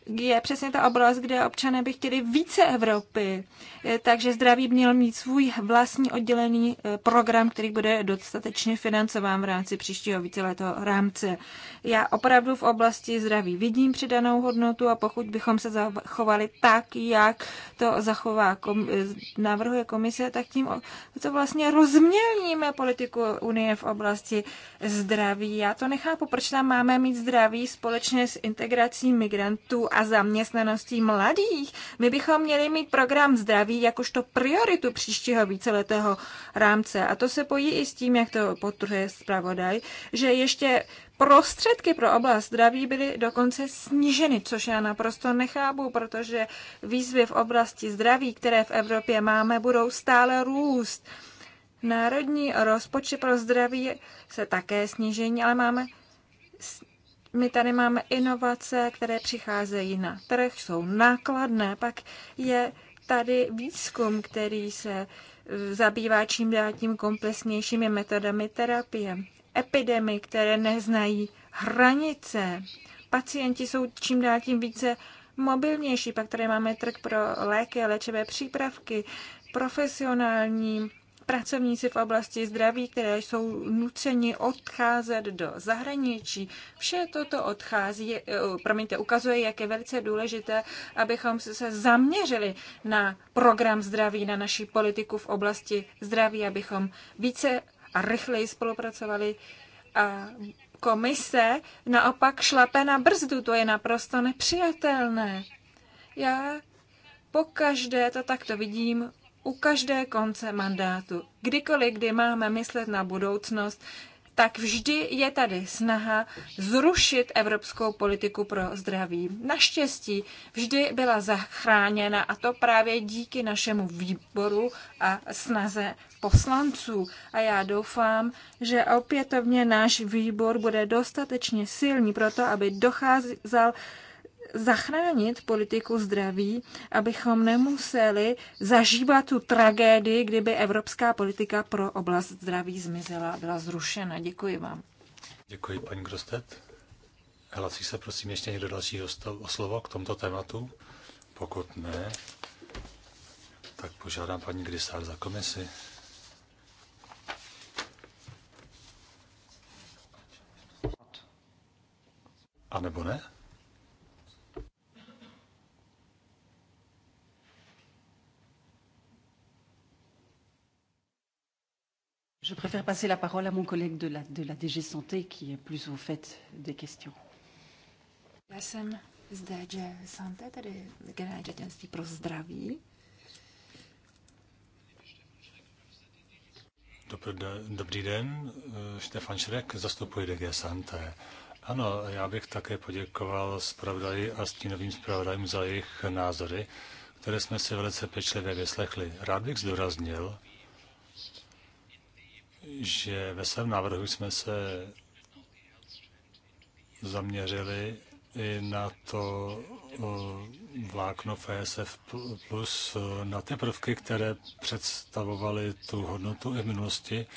je přesně ta oblast, kde občané by chtěli více Evropy. Eh, takže zdraví měl mít svůj vlastní oddělený eh, program, který bude dostatečně financován v rámci příštího víceletého rámce. Já opravdu v oblasti zdraví vidím přidanou hodnotu a pokud bychom se zachovali tak, jak to zachová kom- eh, navrhuje komise, tak tím to vlastně rozmělníme politiku Unie v oblasti zdraví. Já to nechápu, proč tam máme mít zdraví společně s integrací migrantů a zaměstnaností mladých. My bychom měli mít program zdraví jakožto prioritu příštího víceletého rámce. A to se pojí i s tím, jak to potrhuje zpravodaj, že ještě prostředky pro oblast zdraví byly dokonce sníženy, což já naprosto nechápu, protože výzvy v oblasti zdraví, které v Evropě máme, budou stále růst. Národní rozpočet pro zdraví se také snížení, ale máme my tady máme inovace, které přicházejí na trh, jsou nákladné, pak je tady výzkum, který se eh, zabývá čím dál tím komplexnějšími metodami terapie. Epidemy, které neznají hranice. Pacienti jsou čím dál tím více mobilnější. Pak tady máme trh pro léky a léčivé přípravky, profesionální pracovníci v oblasti zdraví, které jsou nuceni odcházet do zahraničí. Vše toto odchází, eh, promiňte, ukazuje, jak je velice důležité, abychom se zaměřili na program zdraví, na naši politiku v oblasti zdraví, abychom více a rychleji spolupracovali a komise naopak šlape na brzdu. To je naprosto nepřijatelné. Já pokaždé to takto vidím u každé konce mandátu. Kdykoliv, kdy máme myslet na budoucnost, tak vždy je tady snaha zrušit evropskou politiku pro zdraví. Naštěstí vždy byla zachráněna a to právě díky našemu výboru a snaze poslanců. A já doufám, že opětovně náš výbor bude dostatečně silný pro to, aby docházel zachránit politiku zdraví, abychom nemuseli zažívat tu tragédii, kdyby evropská politika pro oblast zdraví zmizela a byla zrušena. Děkuji vám. Děkuji, paní Grostet. Hlasí se prosím ještě někdo dalšího o slovo k tomto tématu? Pokud ne, tak požádám paní Grisár za komisi. A nebo ne? Je préfère passer la parole à mon collègue de la, de la DG Santé, qui est plus au fait des questions. Já jsem z DG Santé, tedy generální ředitelství pro zdraví. Dobrý den, dobrý den. Štefan Šrek zastupuji DG Santé. Ano, já bych také poděkoval zpravodaji a stínovým zpravodajům za jejich názory, které jsme si velice pečlivě vyslechli. Rád bych zdůraznil, že ve svém návrhu jsme se zaměřili i na to vlákno FSF+, plus na ty prvky, které představovaly tu hodnotu i v minulosti.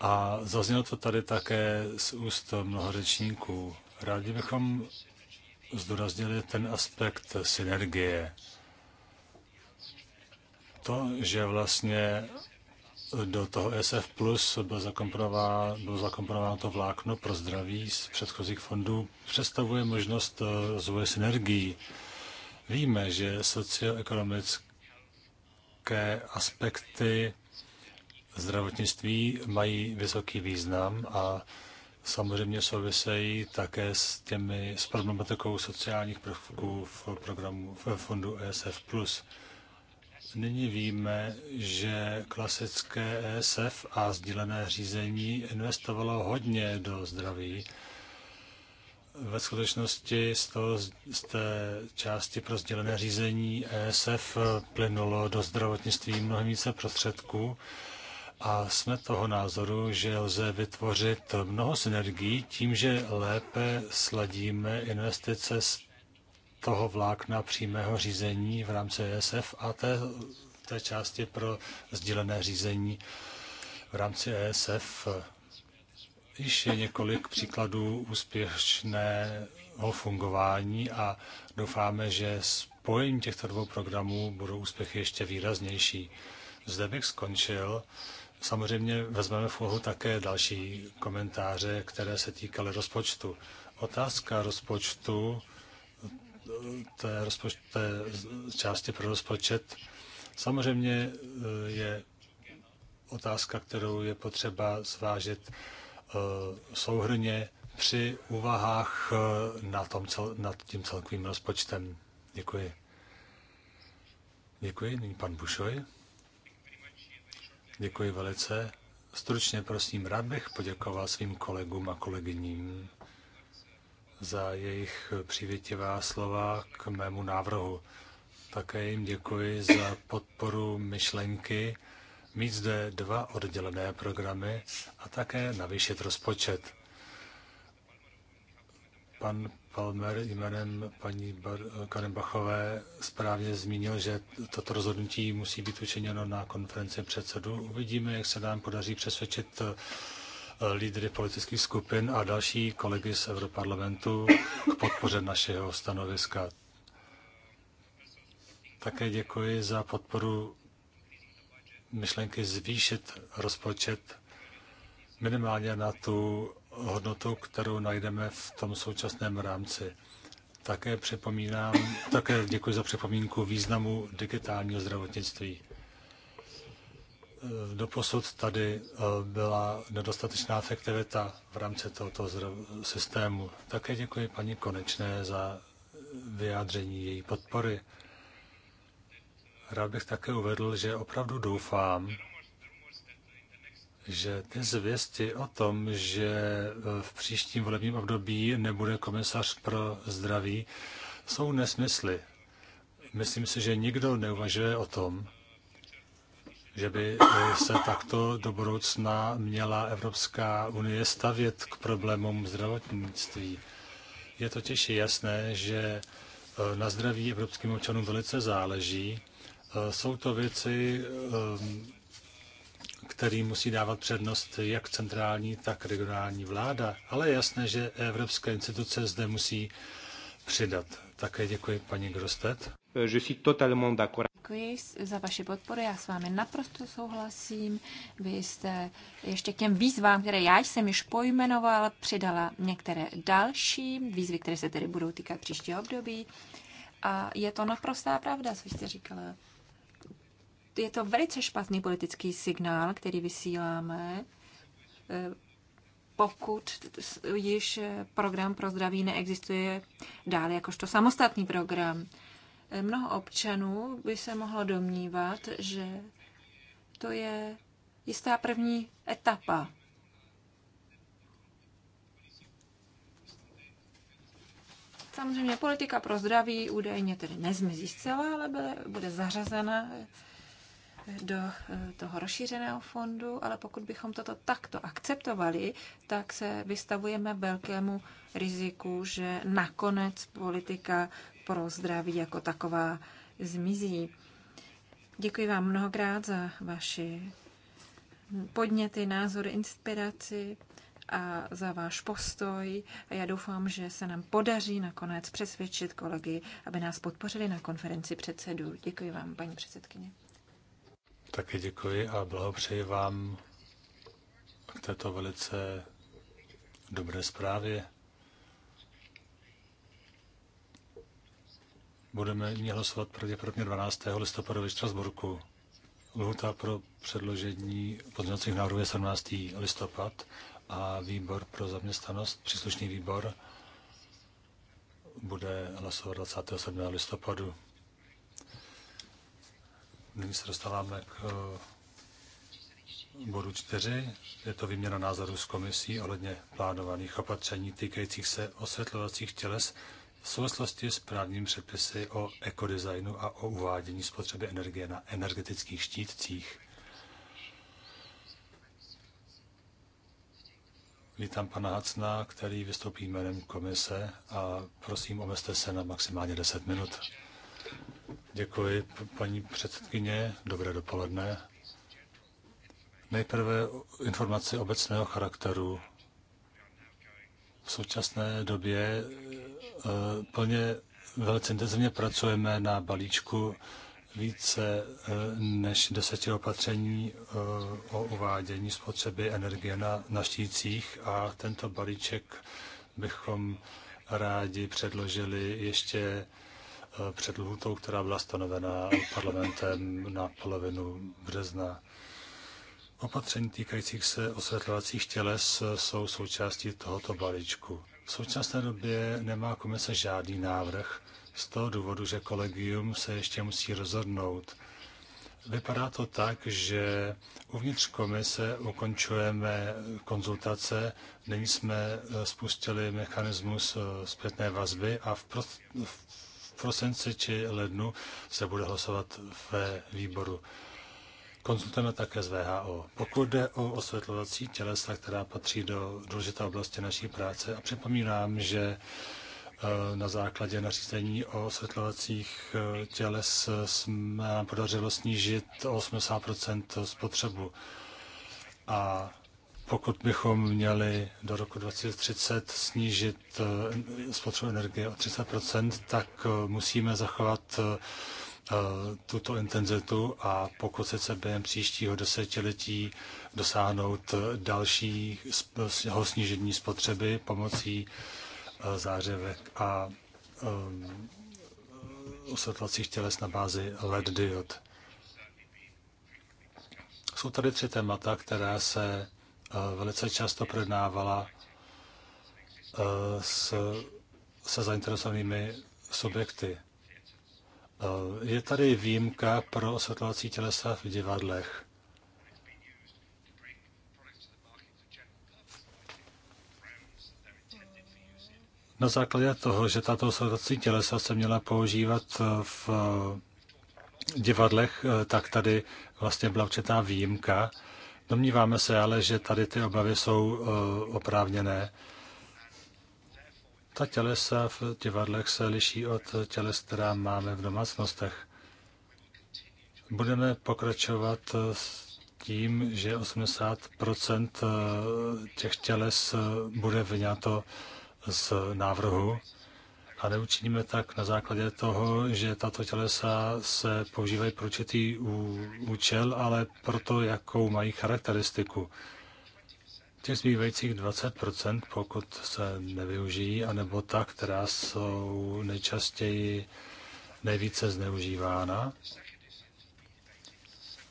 A zaznělo to tady také z úst mnoha řečníků. Rádi bychom zdůraznili ten aspekt synergie. To, že vlastně do toho SF+, plus byl zakomponován, bylo zakomponováno to vlákno pro zdraví z předchozích fondů, představuje možnost eh, rozvoje synergií. Víme, že socioekonomické aspekty zdravotnictví mají vysoký význam a samozřejmě souvisejí také s těmi s problematikou sociálních prvků v programu v fondu ESF+. Nyní víme, že klasické ESF a sdílené řízení investovalo hodně do zdraví. Ve skutečnosti z, toho, z té části pro sdílené řízení ESF plynulo do zdravotnictví mnohem více prostředků a jsme toho názoru, že lze vytvořit mnoho synergií tím, že lépe sladíme investice s toho vlákna přímého řízení v rámci ESF a té, té části pro sdílené řízení v rámci ESF. Již je několik příkladů úspěšného fungování a doufáme, že spojením těchto dvou programů budou úspěchy ještě výraznější. Zde bych skončil. Samozřejmě vezmeme v úvahu také další komentáře, které se týkaly rozpočtu. Otázka rozpočtu té, rozpoč- té části pro rozpočet. Samozřejmě eh, je otázka, kterou je potřeba zvážit eh, souhrně při úvahách eh, na tom cel- nad tím celkovým rozpočtem. Děkuji. Děkuji. Nyní pan Bušoj. Děkuji velice. Stručně prosím, rád bych poděkoval svým kolegům a kolegyním za jejich přívětivá slova k mému návrhu. Také jim děkuji za podporu myšlenky mít zde dva oddělené programy a také navýšit rozpočet. Pan Palmer jménem paní Bar- Bachové správně zmínil, že toto rozhodnutí musí být učiněno na konferenci předsedu. Uvidíme, jak se nám podaří přesvědčit lídry politických skupin a další kolegy z Europarlamentu k podpoře našeho stanoviska. Také děkuji za podporu myšlenky zvýšit rozpočet minimálně na tu hodnotu, kterou najdeme v tom současném rámci. Také připomínám, také děkuji za připomínku významu digitálního zdravotnictví. Eh, doposud tady eh, byla nedostatečná efektivita v rámci tohoto systému. Také děkuji paní Konečné za vyjádření její podpory. Rád bych také uvedl, že opravdu doufám, že ty zvěsti o tom, že eh, v příštím volebním období nebude komisař pro zdraví, jsou nesmysly. Myslím si, že nikdo neuvažuje o tom, že by eh, se takto do budoucna měla Evropská unie stavět k problémům zdravotnictví. Je totiž jasné, že eh, na zdraví evropským občanům velice záleží. Eh, jsou to věci, který musí dávat přednost jak centrální, tak regionální vláda. Ale je jasné, že evropské instituce zde musí přidat. Také děkuji paní Grostet. Euh, je suis totalement d'accord. Děkuji za vaši podporu, já s vámi naprosto souhlasím. Vy jste ještě k těm výzvám, které já jsem již pojmenoval, přidala některé další výzvy, které se tedy budou týkat příštího období. A je to naprostá pravda, co jste říkala. Je to velice špatný politický signál, který vysíláme, eh, pokud již program pro zdraví neexistuje dále jakožto samostatný program. Mnoho občanů by se mohlo domnívat, že to je jistá první etapa. Samozřejmě politika pro zdraví údajně tedy nezmizí zcela, ale bude, bude zařazena do eh, toho rozšířeného fondu, ale pokud bychom toto takto akceptovali, tak se vystavujeme velkému riziku, že nakonec politika pro zdraví jako taková zmizí. Děkuji vám mnohokrát za vaši podněty, názory, inspiraci a za váš postoj. A já doufám, že se nám podaří nakonec přesvědčit kolegy, aby nás podpořili na konferenci předsedů. Děkuji vám, paní předsedkyně. Taky děkuji a blahopřeji vám k této velice dobré zprávě. Budeme ní hlasovat pravděpodobně 12. listopadu ve Štrasburku. Lhuta pro předložení pozměňovacích návrhů je 17. listopad a výbor pro zaměstnanost, příslušný výbor, bude hlasovat 27. listopadu. Nyní se dostáváme k eh, bodu 4. Je to výměna názorů s komisí ohledně plánovaných opatření týkajících se osvětlovacích těles v souvislosti s právními předpisy o ekodesignu a o uvádění spotřeby energie na energetických štítcích. Vítám pana Hacna, který vystoupí jménem komise a prosím, omezte se na maximálně 10 minut. Děkuji, paní předsedkyně. Dobré dopoledne. Nejprve informace obecného charakteru. V současné době Eh, plně velice intenzivně pracujeme na balíčku více eh, než deseti opatření eh, o uvádění spotřeby energie na, na štících a tento balíček bychom rádi předložili ještě před lhutou, která byla stanovena parlamentem na polovinu března. Opatření týkajících se osvětlovacích těles jsou součástí tohoto balíčku. V současné době nemá komise žádný návrh, z toho důvodu, že kolegium se ještě musí rozhodnout. Vypadá to tak, že uvnitř komise ukončujeme konzultace, nyní jsme eh, spustili mechanismus eh, zpětné vazby a v, pros- v prosinci či lednu se bude hlasovat ve výboru. Konzultujeme také s VHO. Pokud jde o osvětlovací tělesa, která patří do důležité oblasti naší práce, a připomínám, že eh, na základě nařízení o osvětlovacích eh, těles eh, jsme nám podařilo snížit o 80 spotřebu. A pokud bychom měli do roku 2030 snížit spotřebu energie o 30 tak musíme zachovat Eh, tuto intenzitu a pokusit se během příštího desetiletí dosáhnout eh, dalšího snížení spotřeby pomocí eh, zářivek a osvětlacích těles na bázi LED diod. Jsou tady tři témata, která se velice často projednávala s, se zainteresovanými subjekty. Eh, je tady výjimka pro osvětlovací tělesa v divadlech. Na základě toho, že tato osvětlovací tělesa se měla používat eh, v eh, divadlech, tak tady vlastně byla určitá výjimka. Domníváme se ale, že tady ty obavy jsou oprávněné. Ta tělesa v divadlech se liší od těles, která máme v domácnostech. Budeme pokračovat s tím, že 80 eh, těch těles eh, bude vyňato z návrhu a neučiníme tak na základě toho, že tato tělesa se používají pro určitý účel, ale proto, jakou mají charakteristiku těch zbývajících 20%, pokud se nevyužijí, anebo ta, která jsou nejčastěji nejvíce zneužívána.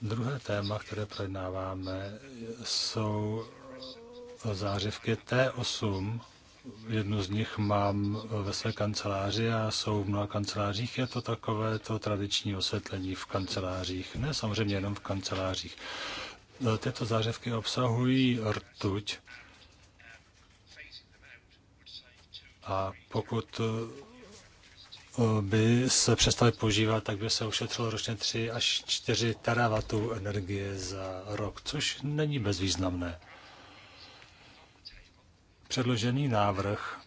Druhé téma, které projednáváme, jsou zářivky T8. Jednu z nich mám ve své kanceláři a jsou v mnoha kancelářích. Je to takové to tradiční osvětlení v kancelářích. Ne samozřejmě jenom v kancelářích. No, tyto zářivky obsahují rtuť. A pokud eh, by se přestali používat, tak by se ušetřilo ročně 3 až 4 teravatů energie za rok, což není bezvýznamné. Předložený návrh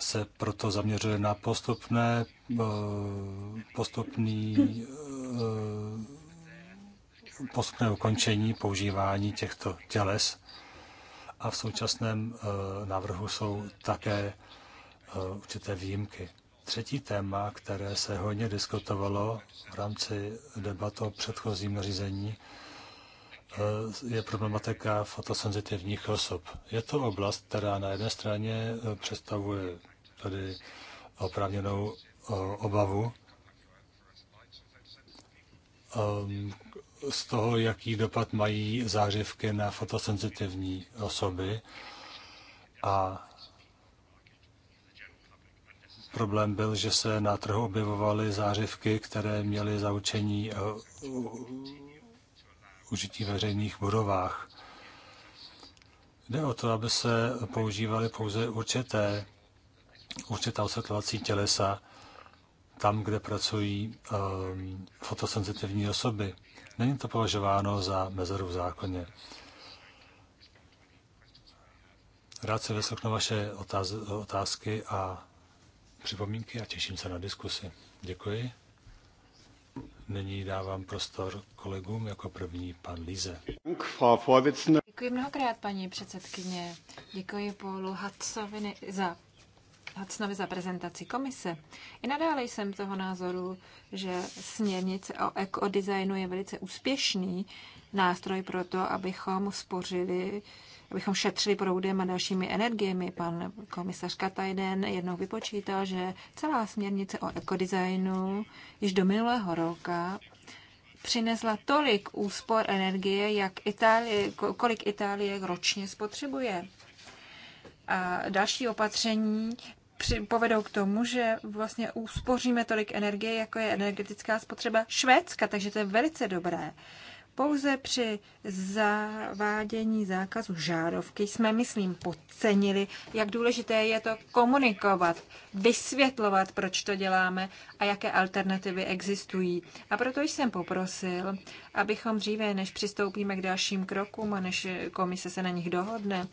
se proto zaměřuje na postupné, eh, postupný eh, postupné ukončení používání těchto těles a v současném eh, návrhu jsou také eh, určité výjimky. Třetí téma, které se hodně diskutovalo v rámci debat o předchozím nařízení, eh, je problematika fotosenzitivních osob. Je to oblast, která na jedné straně představuje tady oprávněnou obavu, ehm, z toho, jaký dopad mají zářivky na fotosenzitivní osoby. A problém byl, že se na trhu objevovaly zářivky, které měly zaučení eh, užití veřejných budovách. Jde o to, aby se používaly pouze určité, určitá osvětlovací tělesa tam, kde pracují um, fotosenzitivní osoby. Není to považováno za mezeru v zákoně. Rád se vyslechnu vaše otázky a připomínky a těším se na diskusi. Děkuji. Nyní dávám prostor kolegům jako první pan Líze. Děkuji mnohokrát, paní předsedkyně. Děkuji Paulu Hatsovi za Hacnovi za prezentaci komise. I nadále jsem toho názoru, že směrnice o ekodesignu je velice úspěšný nástroj pro to, abychom spořili abychom šetřili proudem a dalšími energiemi. Pan komisař Katajden jednou vypočítal, že celá směrnice o ekodesignu již do minulého roka přinesla tolik úspor energie, jak Itálie, kolik Itálie ročně spotřebuje. A další opatření při, povedou k tomu, že vlastně uspoříme tolik energie, jako je energetická spotřeba Švédska, takže to je velice dobré. Pouze při zavádění zákazu žárovky jsme, myslím, podcenili, jak důležité je to komunikovat, vysvětlovat, proč to děláme a jaké alternativy existují. A proto jsem poprosil, abychom dříve, než přistoupíme k dalším krokům a než komise se na nich dohodne,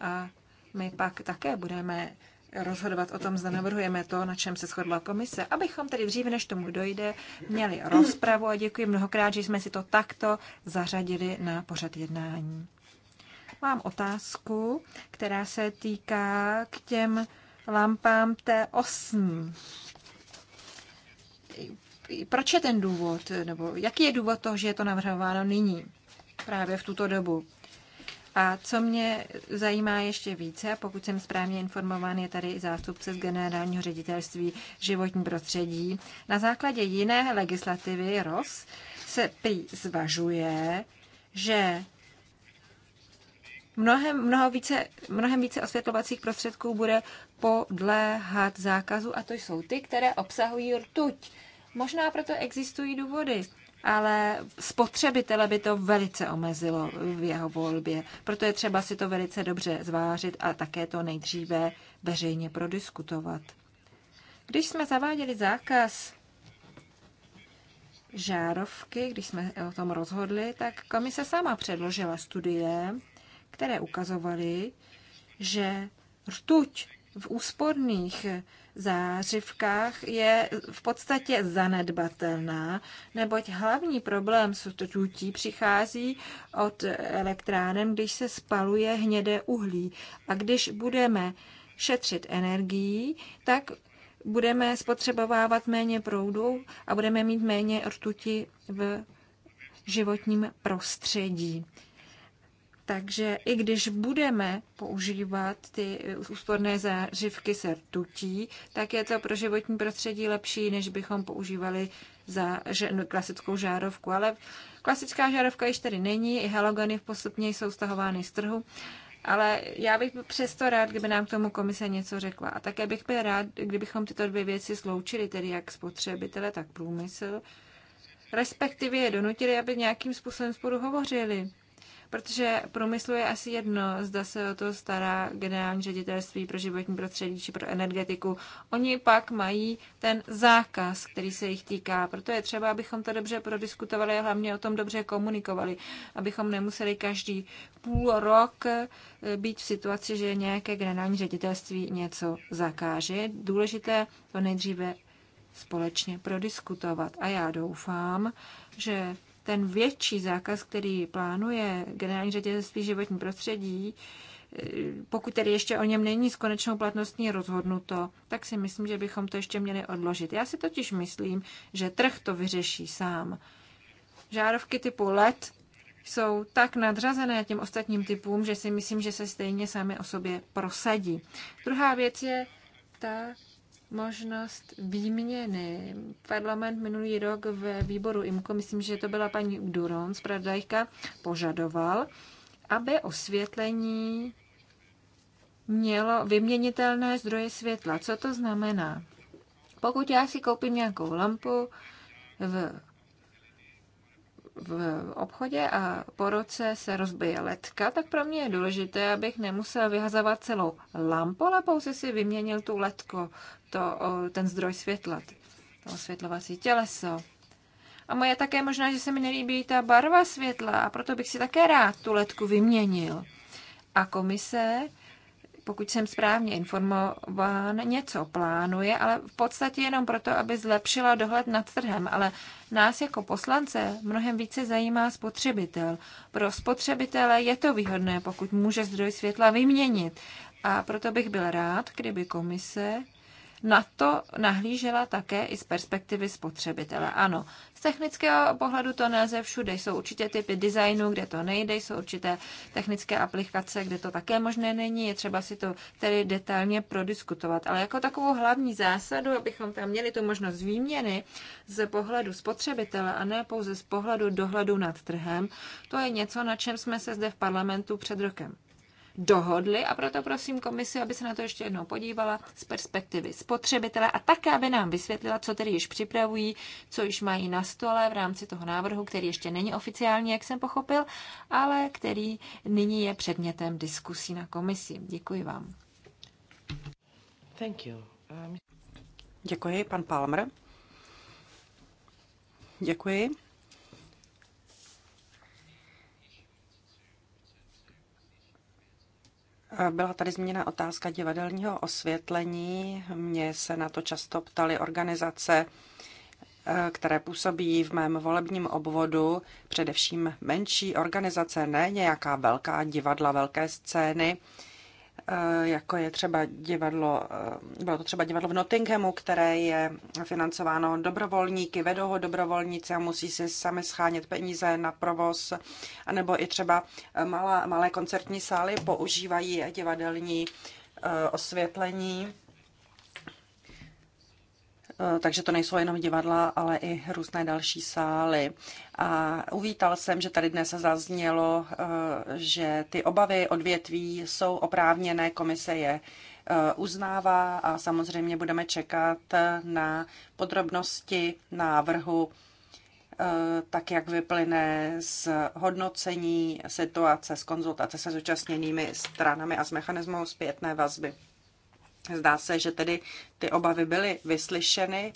a my pak také budeme rozhodovat o tom, zda navrhujeme to, na čem se shodla komise, abychom tedy dříve, než tomu dojde, měli rozpravu a děkuji mnohokrát, že jsme si to takto zařadili na pořad jednání. Mám otázku, která se týká k těm lampám T8. Proč je ten důvod, nebo jaký je důvod toho, že je to navrhováno nyní, právě v tuto dobu? A co mě zajímá ještě více, a pokud jsem správně informován, je tady i zástupce z generálního ředitelství životní prostředí. Na základě jiné legislativy ROS se prý zvažuje, že mnohem, mnoho více, mnohem více osvětlovacích prostředků bude podléhat zákazu a to jsou ty, které obsahují rtuť. Možná proto existují důvody ale spotřebitele by to velice omezilo v jeho volbě. Proto je třeba si to velice dobře zvážit a také to nejdříve veřejně prodiskutovat. Když jsme zaváděli zákaz žárovky, když jsme o tom rozhodli, tak komise sama předložila studie, které ukazovaly, že rtuť v úsporných zářivkách je v podstatě zanedbatelná, neboť hlavní problém s tutí přichází od elektránem, když se spaluje hnědé uhlí. A když budeme šetřit energii, tak budeme spotřebovávat méně proudu a budeme mít méně rtuti v životním prostředí. Takže i když budeme používat ty eh, úsporné zářivky se rtutí, tak je to pro životní prostředí lepší, než bychom používali za no, klasickou žárovku. Ale klasická žárovka již tady není, i halogeny postupně jsou stahovány z trhu. Ale já bych byl přesto rád, kdyby nám k tomu komise něco řekla. A také bych byl rád, kdybychom tyto dvě věci sloučili, tedy jak spotřebitele, tak průmysl, respektive je donutili, aby nějakým způsobem spolu hovořili protože průmyslu je asi jedno, zda se o to stará generální ředitelství pro životní prostředí či pro energetiku. Oni pak mají ten zákaz, který se jich týká. Proto je třeba, abychom to dobře prodiskutovali a hlavně o tom dobře komunikovali, abychom nemuseli každý půl rok eh, být v situaci, že nějaké generální ředitelství něco zakáže. Důležité to nejdříve společně prodiskutovat. A já doufám, že ten větší zákaz, který plánuje generální ředitelství životní prostředí, pokud tedy ještě o něm není s konečnou platností rozhodnuto, tak si myslím, že bychom to ještě měli odložit. Já si totiž myslím, že trh to vyřeší sám. Žárovky typu LED jsou tak nadřazené těm ostatním typům, že si myslím, že se stejně sami o sobě prosadí. Druhá věc je ta, možnost výměny. Parlament minulý rok v výboru IMCO, myslím, že to byla paní Duron, zpravodajka, požadoval, aby osvětlení mělo vyměnitelné zdroje světla. Co to znamená? Pokud já si koupím nějakou lampu v v obchodě a po roce se rozbije letka, tak pro mě je důležité, abych nemusel vyhazovat celou lampu, ale pouze si vyměnil tu letko, to, ten zdroj světla, to osvětlovací těleso. A moje také možná, že se mi nelíbí ta barva světla a proto bych si také rád tu letku vyměnil. A komise pokud jsem správně informován, něco plánuje, ale v podstatě jenom proto, aby zlepšila dohled nad trhem. Ale nás jako poslance mnohem více zajímá spotřebitel. Pro spotřebitele je to výhodné, pokud může zdroj světla vyměnit. A proto bych byl rád, kdyby komise na to nahlížela také i z perspektivy spotřebitele. Ano, z technického pohledu to nelze všude. Jsou určitě typy designu, kde to nejde, jsou určité technické aplikace, kde to také možné není. Je třeba si to tedy detailně prodiskutovat. Ale jako takovou hlavní zásadu, abychom tam měli tu možnost výměny z pohledu spotřebitele a ne pouze z pohledu dohledu nad trhem, to je něco, na čem jsme se zde v parlamentu před rokem dohodli a proto prosím komisi, aby se na to ještě jednou podívala z perspektivy spotřebitele a také, aby nám vysvětlila, co tedy již připravují, co již mají na stole v rámci toho návrhu, který ještě není oficiální, jak jsem pochopil, ale který nyní je předmětem diskusí na komisi. Děkuji vám. Thank you. Um... Děkuji, pan Palmer. Děkuji. Byla tady zmíněna otázka divadelního osvětlení. Mě se na to často ptali organizace, které působí v mém volebním obvodu, především menší organizace, ne nějaká velká divadla, velké scény. Eh, jako je třeba divadlo, eh, bylo to třeba divadlo v Nottinghamu, které je financováno dobrovolníky, vedou ho dobrovolníci a musí si sami schánět peníze na provoz, anebo i třeba eh, malá, malé koncertní sály používají divadelní osvětlení Eh, takže to nejsou jenom divadla, ale i různé další sály. A uvítal jsem, že tady dnes zaznělo, eh, že ty obavy odvětví jsou oprávněné, komise je eh, uznává a samozřejmě budeme čekat na podrobnosti návrhu, tak jak vyplyne z hodnocení situace, z konzultace se zúčastněnými stranami a z mechanismu zpětné vazby. Zdá se, že tedy ty obavy byly vyslyšeny,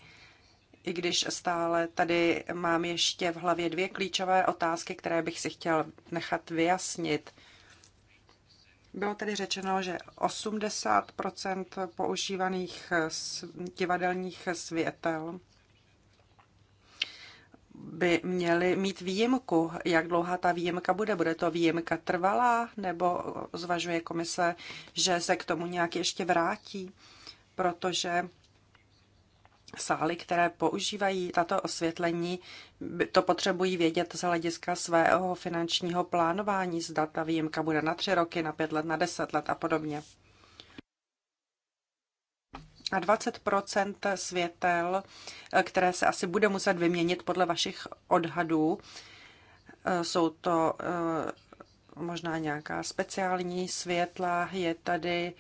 i když stále tady mám ještě v hlavě dvě klíčové otázky, které bych si chtěl nechat vyjasnit. Bylo tedy řečeno, že 80 používaných divadelních světel by měli mít výjimku. Jak dlouhá ta výjimka bude? Bude to výjimka trvalá, nebo zvažuje komise, že se k tomu nějak ještě vrátí? Protože sály, které používají tato osvětlení, to potřebují vědět z hlediska svého finančního plánování, zda ta výjimka bude na tři roky, na pět let, na deset let a podobně na 20 světel, eh, které se asi bude muset vyměnit podle vašich odhadů. Eh, jsou to eh, možná nějaká speciální světla, je tady.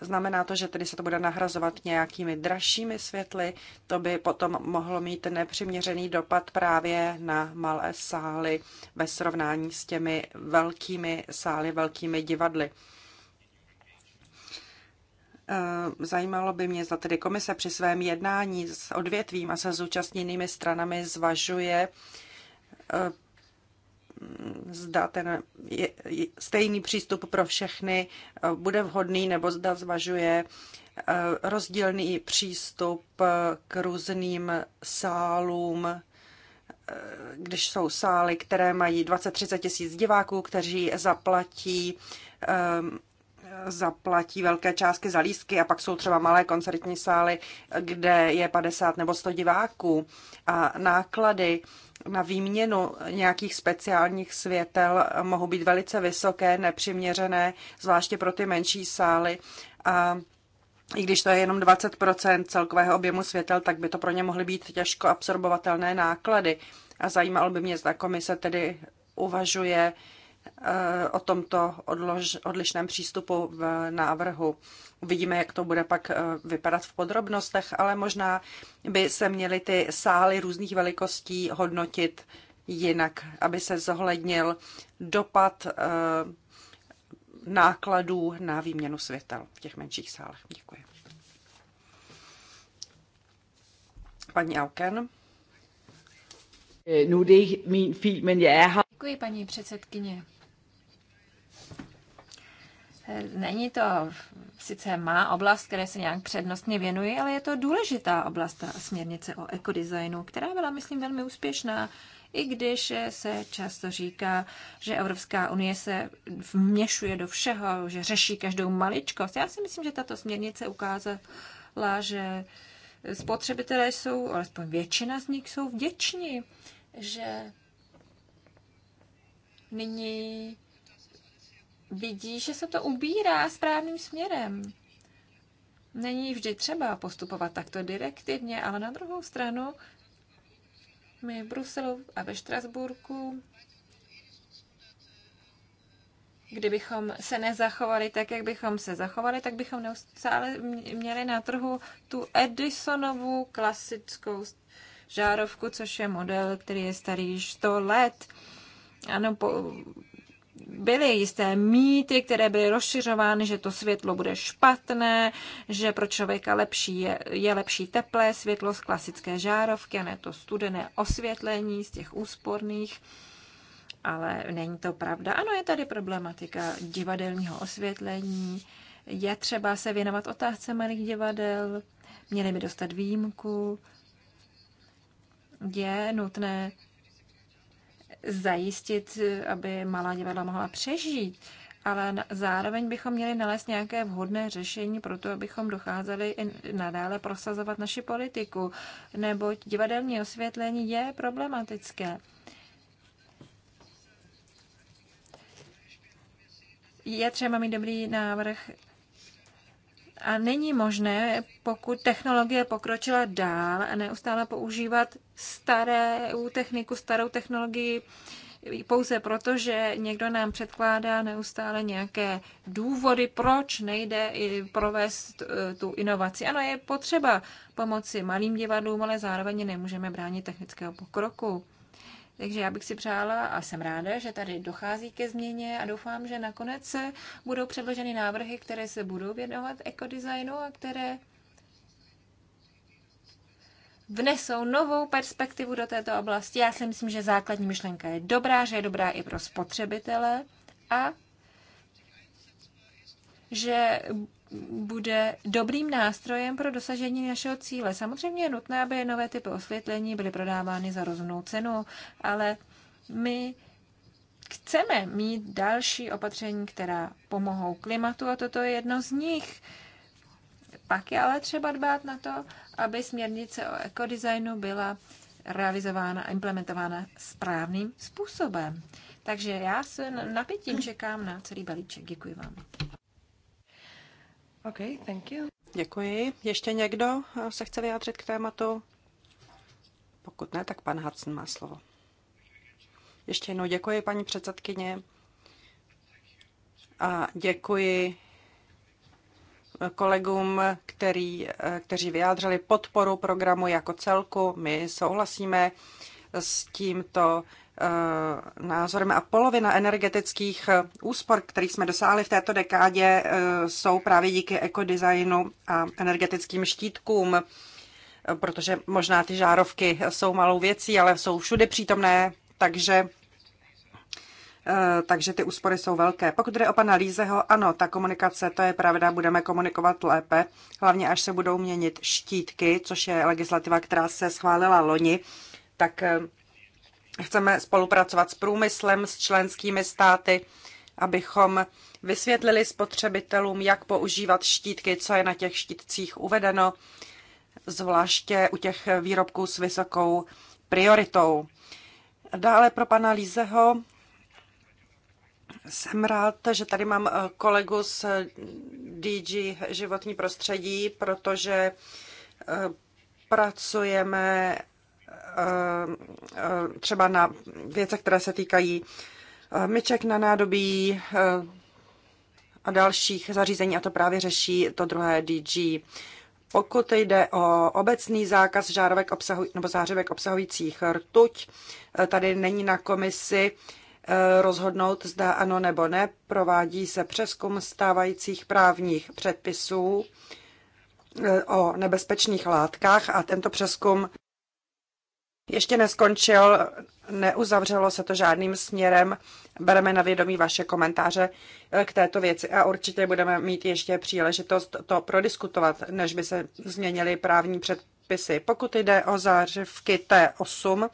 Znamená to, že tedy se to bude nahrazovat nějakými dražšími světly, to by potom mohlo mít nepřiměřený dopad právě na malé sály ve srovnání s těmi velkými sály, velkými divadly. Eh, zajímalo by mě, zda tedy komise při svém jednání s odvětvím a se zúčastněnými stranami zvažuje, eh, zda ten stejný přístup pro všechny eh, bude vhodný, nebo zda zvažuje rozdílný přístup k různým sálům když jsou sály, které mají 20-30 tisíc diváků, kteří zaplatí zaplatí velké částky za lístky a pak jsou třeba malé koncertní sály, kde je 50 nebo 100 diváků a náklady na výměnu nějakých speciálních světel mohou být velice vysoké, nepřiměřené, zvláště pro ty menší sály. A i když to je jenom 20 celkového objemu světel, tak by to pro ně mohly být těžko absorbovatelné náklady. A zajímalo by mě, zda komise tedy uvažuje uh, o tomto odlož, odlišném přístupu v návrhu. Uvidíme, jak to bude pak eh, vypadat v podrobnostech, ale možná by se měly ty sály různých velikostí hodnotit jinak, aby se zohlednil dopad eh, nákladů na výměnu světel v těch menších sálech. Děkuji. Paní Auken. Øh, er er Děkuji, paní předsedkyně. Není to sice má oblast, které se nějak přednostně věnuji, ale je to důležitá oblast ta směrnice o ekodesignu, která byla, myslím, velmi úspěšná, i když se často říká, že Evropská unie se vměšuje do všeho, že řeší každou maličkost. Já si myslím, že tato směrnice ukázala, že spotřebitelé jsou, alespoň většina z nich, jsou vděční že nyní vidí, že se to ubírá správným směrem. Není vždy třeba postupovat takto direktivně, ale na druhou stranu my v Bruselu a ve Štrasburku, kdybychom se nezachovali tak, jak bychom se zachovali, tak bychom neustále měli na trhu tu Edisonovu klasickou žárovku, což je model, který je starý 100 let. Ano, po, byly jisté mýty, které byly rozšiřovány, že to světlo bude špatné, že pro člověka lepší je, je lepší teplé světlo z klasické žárovky a ne to studené osvětlení z těch úsporných. Ale není to pravda. Ano, je tady problematika divadelního osvětlení. Je třeba se věnovat otázce malých divadel. Měli by dostat výjimku je nutné zajistit, aby malá divadla mohla přežít, ale zároveň bychom měli nalézt nějaké vhodné řešení pro to, abychom docházeli i nadále prosazovat naši politiku, neboť divadelní osvětlení je problematické. Je třeba mít dobrý návrh a není možné, pokud technologie pokročila dál a neustále používat starou techniku, starou technologii, pouze proto, že někdo nám předkládá neustále nějaké důvody, proč nejde i provést eh, tu inovaci. Ano, je potřeba pomoci malým divadlům, ale zároveň nemůžeme bránit technického pokroku. Takže já bych si přála a jsem ráda, že tady dochází ke změně a doufám, že nakonec budou předloženy návrhy, které se budou věnovat ekodesignu a které vnesou novou perspektivu do této oblasti. Já si myslím, že základní myšlenka je dobrá, že je dobrá i pro spotřebitele a že bude dobrým nástrojem pro dosažení našeho cíle. Samozřejmě je nutné, aby nové typy osvětlení byly prodávány za rozumnou cenu, ale my chceme mít další opatření, která pomohou klimatu a toto je jedno z nich. Pak je ale třeba dbát na to, aby směrnice o ekodesignu byla realizována a implementována správným způsobem. Takže já se napětím čekám na celý balíček. Děkuji vám. Okay, thank you. Děkuji. Ještě někdo se chce vyjádřit k tématu? Pokud ne, tak pan Hudson má slovo. Ještě jednou děkuji, paní předsedkyně. A děkuji kolegům, který, kteří vyjádřili podporu programu jako celku. My souhlasíme s tímto Eh, názorem a polovina energetických eh, úspor, kterých jsme dosáhli v této dekádě, eh, jsou právě díky ekodesignu a energetickým štítkům, protože možná ty žárovky jsou malou věcí, ale jsou všude přítomné, takže takže ty úspory jsou velké. Pokud jde o pana Lízeho, ano, ta komunikace, to je pravda, budeme komunikovat lépe, hlavně až se budou měnit štítky, což je legislativa, která se schválila loni, tak Chceme spolupracovat s průmyslem, s členskými státy, abychom vysvětlili spotřebitelům, jak používat štítky, co je na těch štítcích uvedeno, zvláště u těch výrobků s vysokou prioritou. Dále pro pana Lízeho jsem rád, že tady mám eh, kolegu z eh, DG životní prostředí, protože eh, pracujeme Eh, eh, třeba na věcech, které se týkají eh, myček na nádobí a dalších zařízení, a to právě řeší to druhé DG. Pokud jde o obecný zákaz žárovek obsahuj, nebo zářivek obsahujících rtuť, tady není na komisi rozhodnout, zda ano nebo ne. Provádí se přeskum stávajících právních předpisů o nebezpečných látkách a tento přeskum ještě neskončil, neuzavřelo se to žádným směrem. Bereme na vědomí vaše komentáře k této věci a určitě budeme mít ještě příležitost to prodiskutovat, než by se změnily právní předpisy. Pokud jde o zářivky T8,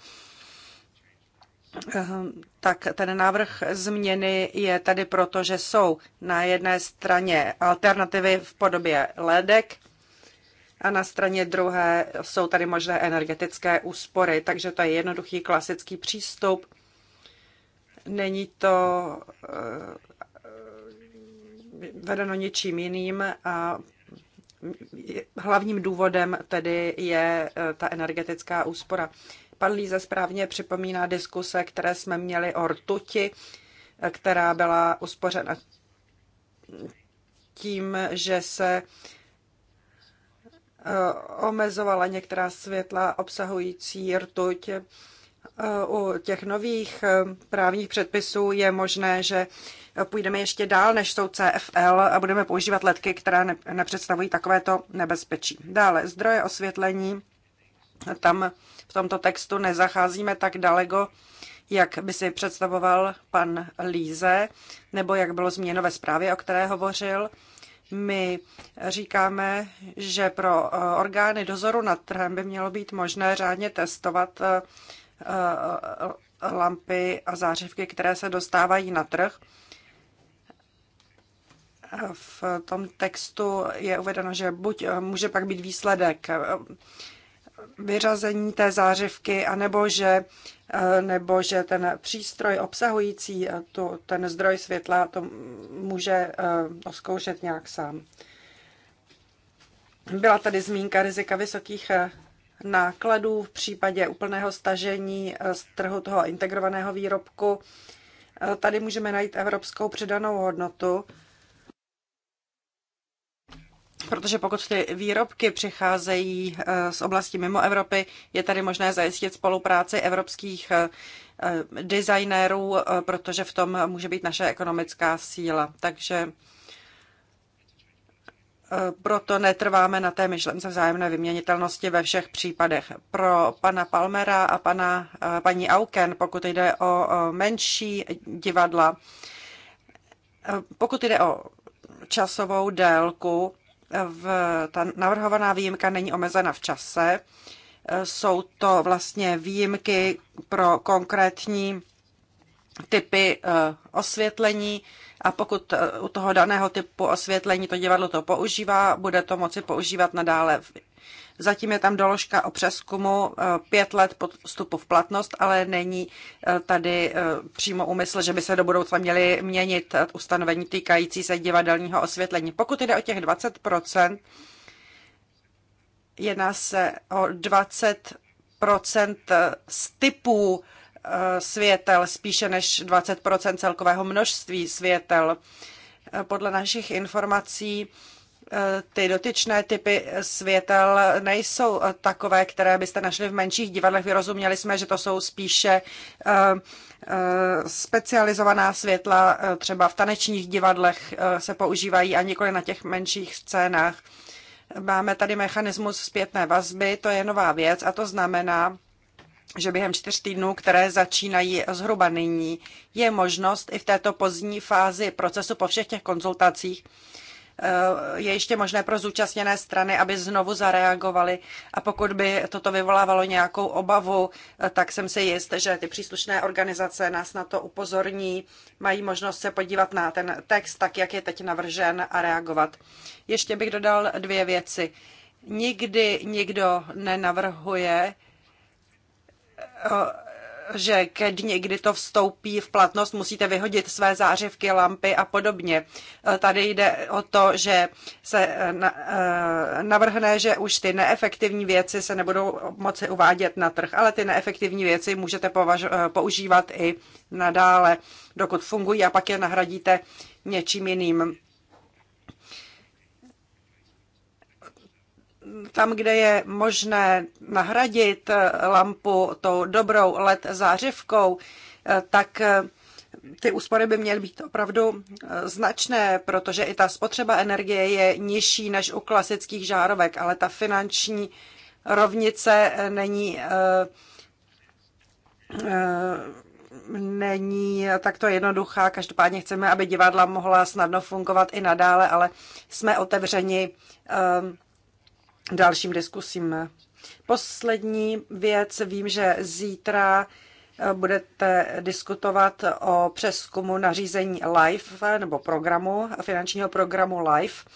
tak ten návrh změny je tady proto, že jsou na jedné straně alternativy v podobě ledek, a na straně druhé jsou tady možné energetické úspory, takže to je jednoduchý klasický přístup. Není to eh, vedeno ničím jiným a hlavním důvodem tedy je eh, ta energetická úspora. Pan Líze správně připomíná diskuse, které jsme měli o rtuti, eh, která byla uspořena tím, že se uh, Eh, omezovala některá světla obsahující rtuť. Eh, u těch nových eh, právních předpisů je možné, že půjdeme ještě dál, než jsou CFL a budeme používat letky, které nepředstavují takovéto nebezpečí. Dále zdroje osvětlení. Tam v tomto textu nezacházíme tak daleko, jak by si představoval pan Líze, nebo jak bylo změno ve zprávě, o které hovořil. My říkáme, že pro eh, orgány dozoru nad trhem by mělo být možné řádně testovat eh, eh, lampy a zářivky, které se dostávají na trh. V tom textu je uvedeno, že buď může pak být výsledek vyřazení té zářivky, anebo že Eh, nebo že ten přístroj obsahující eh, tu, ten zdroj světla to může eh, oskoušet nějak sám. Byla tady zmínka rizika vysokých nákladů v případě úplného stažení z trhu toho integrovaného výrobku. Tady můžeme najít evropskou přidanou hodnotu protože pokud ty výrobky přicházejí eh, z oblasti mimo Evropy, je tady možné zajistit spolupráci evropských eh, designérů, eh, protože v tom může být naše ekonomická síla. Takže proto netrváme na té myšlence vzájemné vyměnitelnosti ve všech případech. Pro pana Palmera a pana, paní Auken, pokud jde o menší divadla, pokud jde o časovou délku, v, ta navrhovaná výjimka není omezena v čase. Jsou to vlastně výjimky pro konkrétní typy eh, osvětlení a pokud eh, u toho daného typu osvětlení to divadlo to používá, bude to moci používat nadále Zatím je tam doložka o přeskumu eh, pět let pod vstupu v platnost, ale není eh, tady eh, přímo úmysl, že by se do budoucna měly měnit ustanovení týkající se divadelního osvětlení. Pokud jde o těch 20 jedná se o 20 z typů světel spíše než 20 celkového množství světel. Podle našich informací Eh, ty dotyčné typy světel nejsou eh, takové, které byste našli v menších divadlech. Vyrozuměli jsme, že to jsou spíše eh, specializovaná světla, třeba v tanečních divadlech se používají a nikoli na těch menších scénách. Máme tady mechanismus zpětné vazby, to je nová věc a to znamená, že během čtyř týdnů, které začínají zhruba nyní, je možnost i v této pozdní fázi procesu po všech těch konzultacích Eh, je ještě možné pro zúčastněné strany, aby znovu zareagovali a pokud by toto vyvolávalo nějakou obavu, eh, tak jsem si jist, že ty příslušné organizace nás na to upozorní, mají možnost se podívat na ten text tak, jak je teď navržen a reagovat. Ještě bych dodal dvě věci. Nikdy nikdo nenavrhuje eh, že ke dni, kdy to vstoupí v platnost, musíte vyhodit své zářivky, lampy a podobně. Eh, tady jde o to, že se eh, eh, navrhne, že už ty neefektivní věci se nebudou moci uvádět na trh, ale ty neefektivní věci můžete používat i nadále, dokud fungují a pak je nahradíte něčím jiným. tam, kde je možné nahradit lampu tou dobrou LED zářivkou, eh, tak eh, ty úspory by měly být opravdu eh, značné, protože i ta spotřeba energie je nižší než u klasických žárovek, ale ta finanční rovnice není, není takto jednoduchá. Každopádně chceme, aby divadla mohla snadno fungovat i nadále, ale jsme otevřeni dalším diskusím. Poslední věc, vím, že zítra eh, budete diskutovat o přeskumu nařízení LIFE eh, nebo programu, finančního programu LIFE.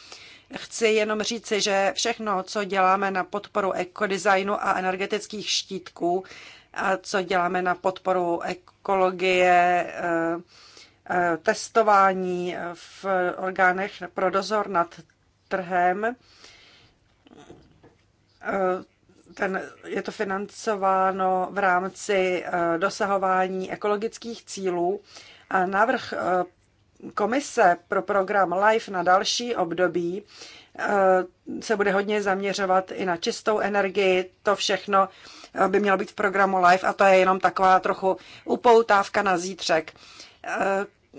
Chci jenom říci, že všechno, co děláme na podporu ekodesignu a energetických štítků a co děláme na podporu ekologie, eh, testování v orgánech pro dozor nad trhem, Eh, ten, je to financováno v rámci eh, dosahování ekologických cílů. A návrh eh, komise pro program LIFE na další období se bude hodně zaměřovat i na čistou energii. To všechno by mělo být v programu LIFE a to je jenom taková trochu upoutávka na zítřek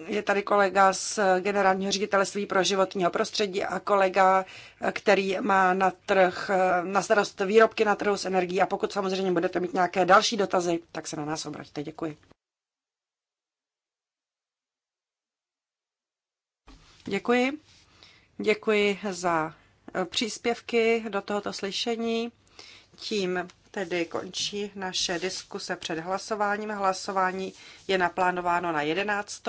je tady kolega z generálního ředitelství pro životního prostředí a kolega, který má na trh, na starost výrobky na trhu s energií a pokud samozřejmě budete mít nějaké další dotazy, tak se na nás obraťte. Děkuji. Děkuji. Děkuji za příspěvky do tohoto slyšení. Tím tedy končí naše diskuse před hlasováním. Hlasování je naplánováno na 11.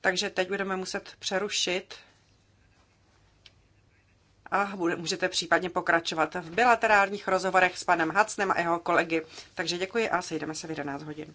Takže teď budeme muset přerušit a bude, můžete případně pokračovat v bilaterálních rozhovorech s panem Hacnem a jeho kolegy. Takže děkuji a sejdeme se v 11 hodin.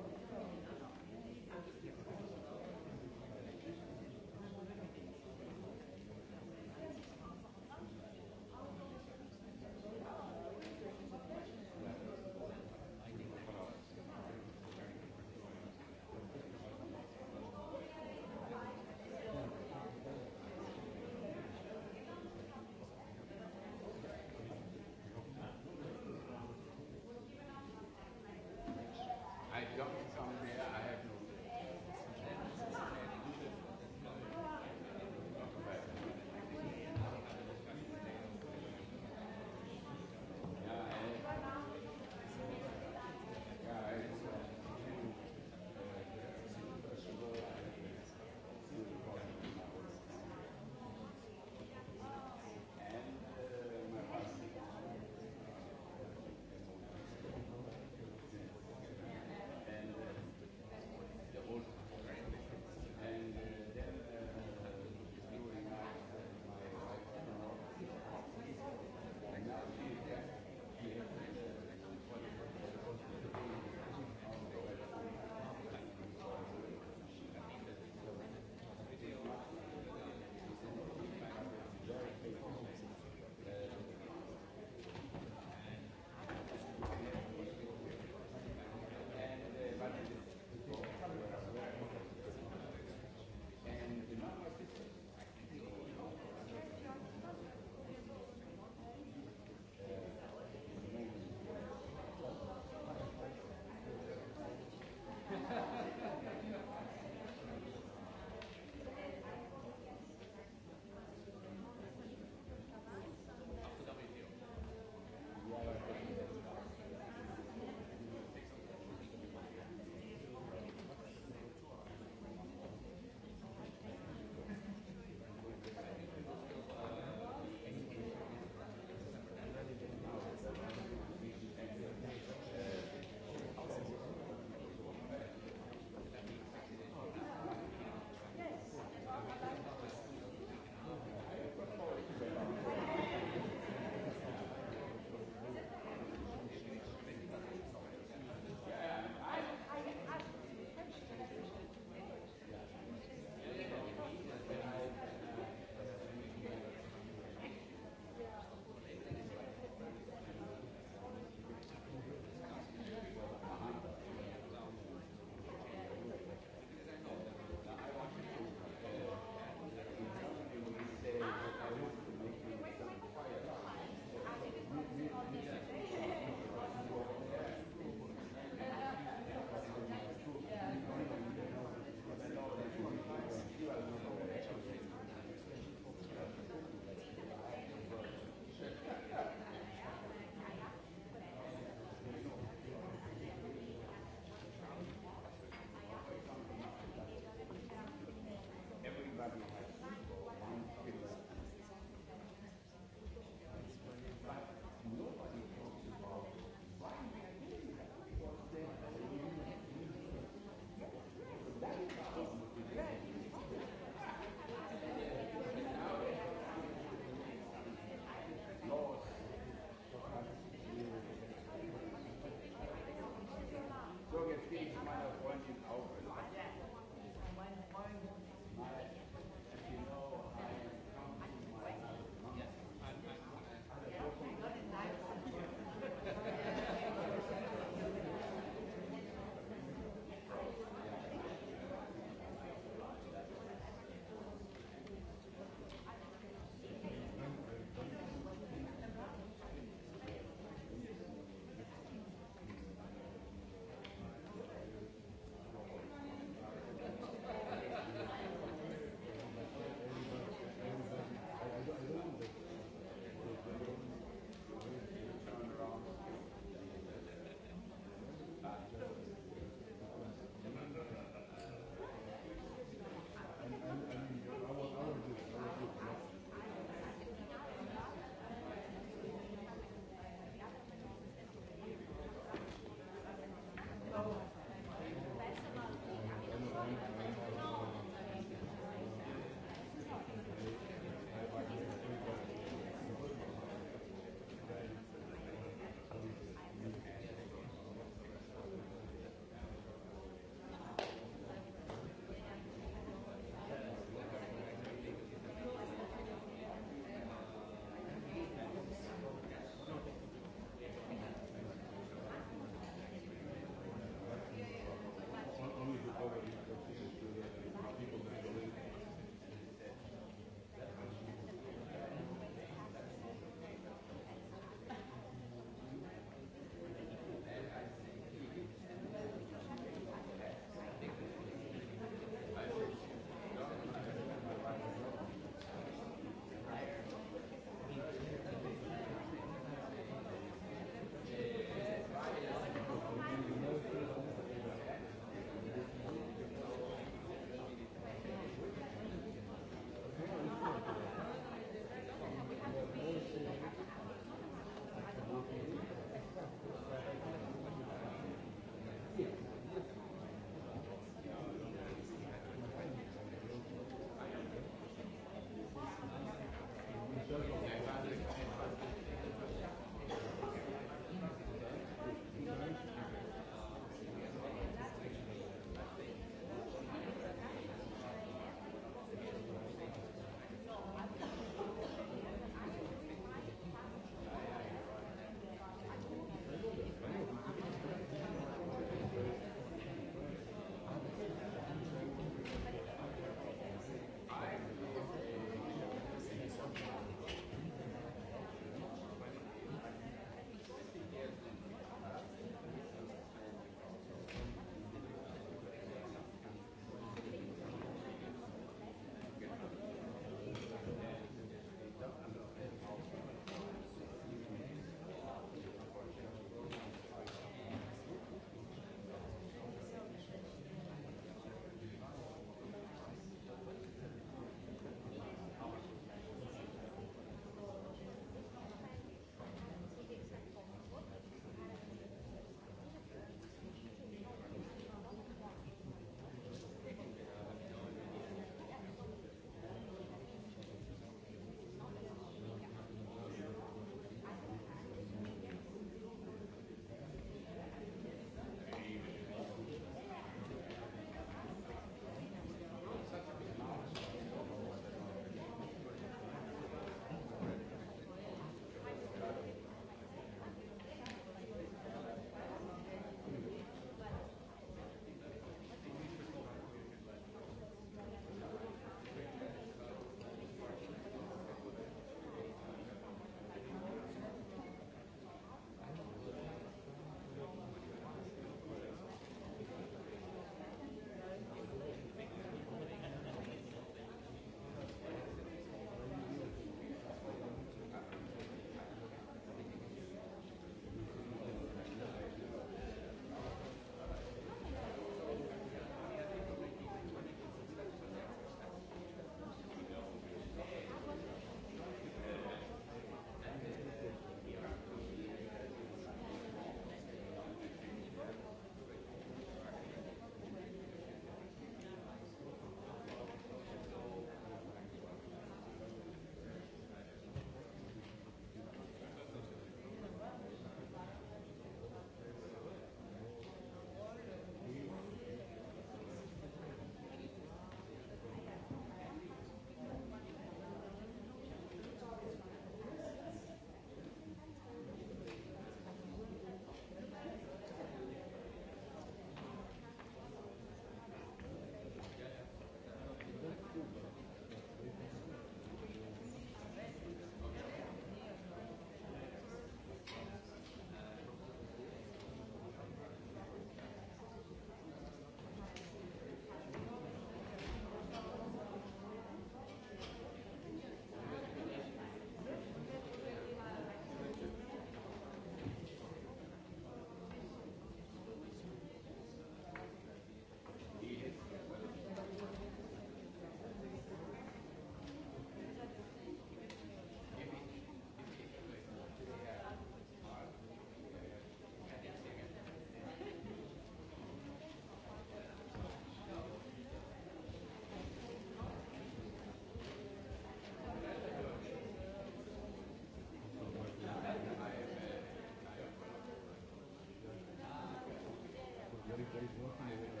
everybody's working their way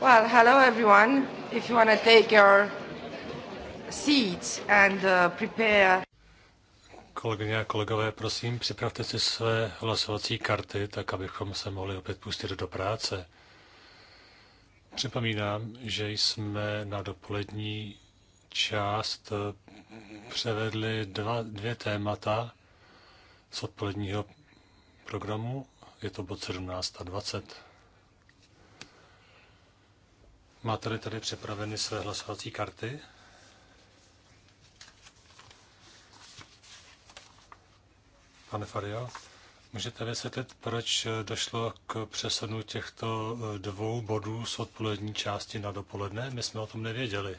Well, hello everyone. If you want to take your seats and uh, prepare. Kolegyně a kolegové, prosím, připravte si své hlasovací karty, tak abychom se mohli opět pustit do práce. Připomínám, že jsme na dopolední část eh, převedli dva, dvě témata z odpoledního programu. Je to bod 17 a 20. Máte-li tady připraveny své hlasovací karty? Pane Faria, můžete vysvětlit, proč došlo k přesunu těchto eh, dvou bodů z odpolední části na dopoledne? My jsme o tom nevěděli.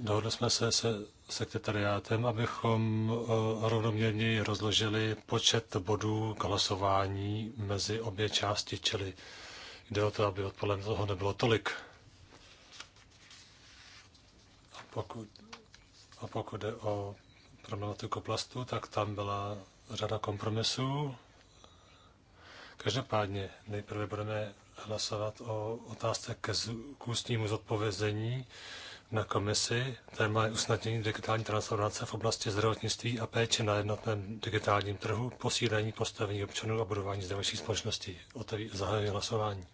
Dohodli jsme se se sekretariátem, abychom eh, rovnoměrně rozložili počet bodů k hlasování mezi obě části, čili Jde o to, aby odpoledne toho nebylo tolik. A pokud, a pokud jde o problematiku plastu, tak tam byla řada kompromisů. Každopádně nejprve budeme hlasovat o otázce ke k ústnímu zodpovězení na komisi. Téma je usnadnění digitální transformace v oblasti zdravotnictví a péče na jednotném digitálním trhu, posílení postavení občanů a budování zdravotních společností. Oteví zahajuji hlasování.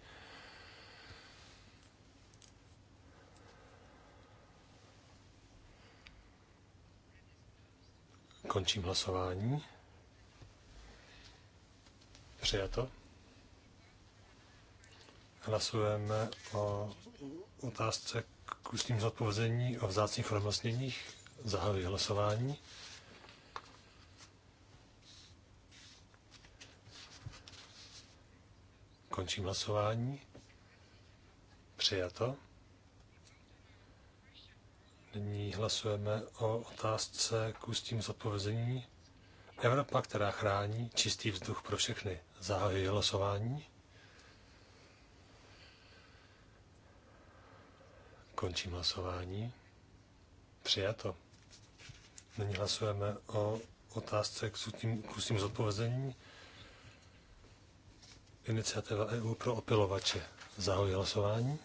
Končím hlasování. Přijato. Hlasujeme o otázce k ústním zodpovězení o vzácných formocněních. Zahajuji hlasování. Končím hlasování. Přijato. Nyní hlasujeme o otázce k ústním zodpovězení. Evropa, která chrání čistý vzduch pro všechny. Zahajuji hlasování. Končím hlasování. Přijato. Nyní hlasujeme o otázce k ústním, k ústním zodpovězení. Iniciativa EU pro opilovače. Zahajuji hlasování.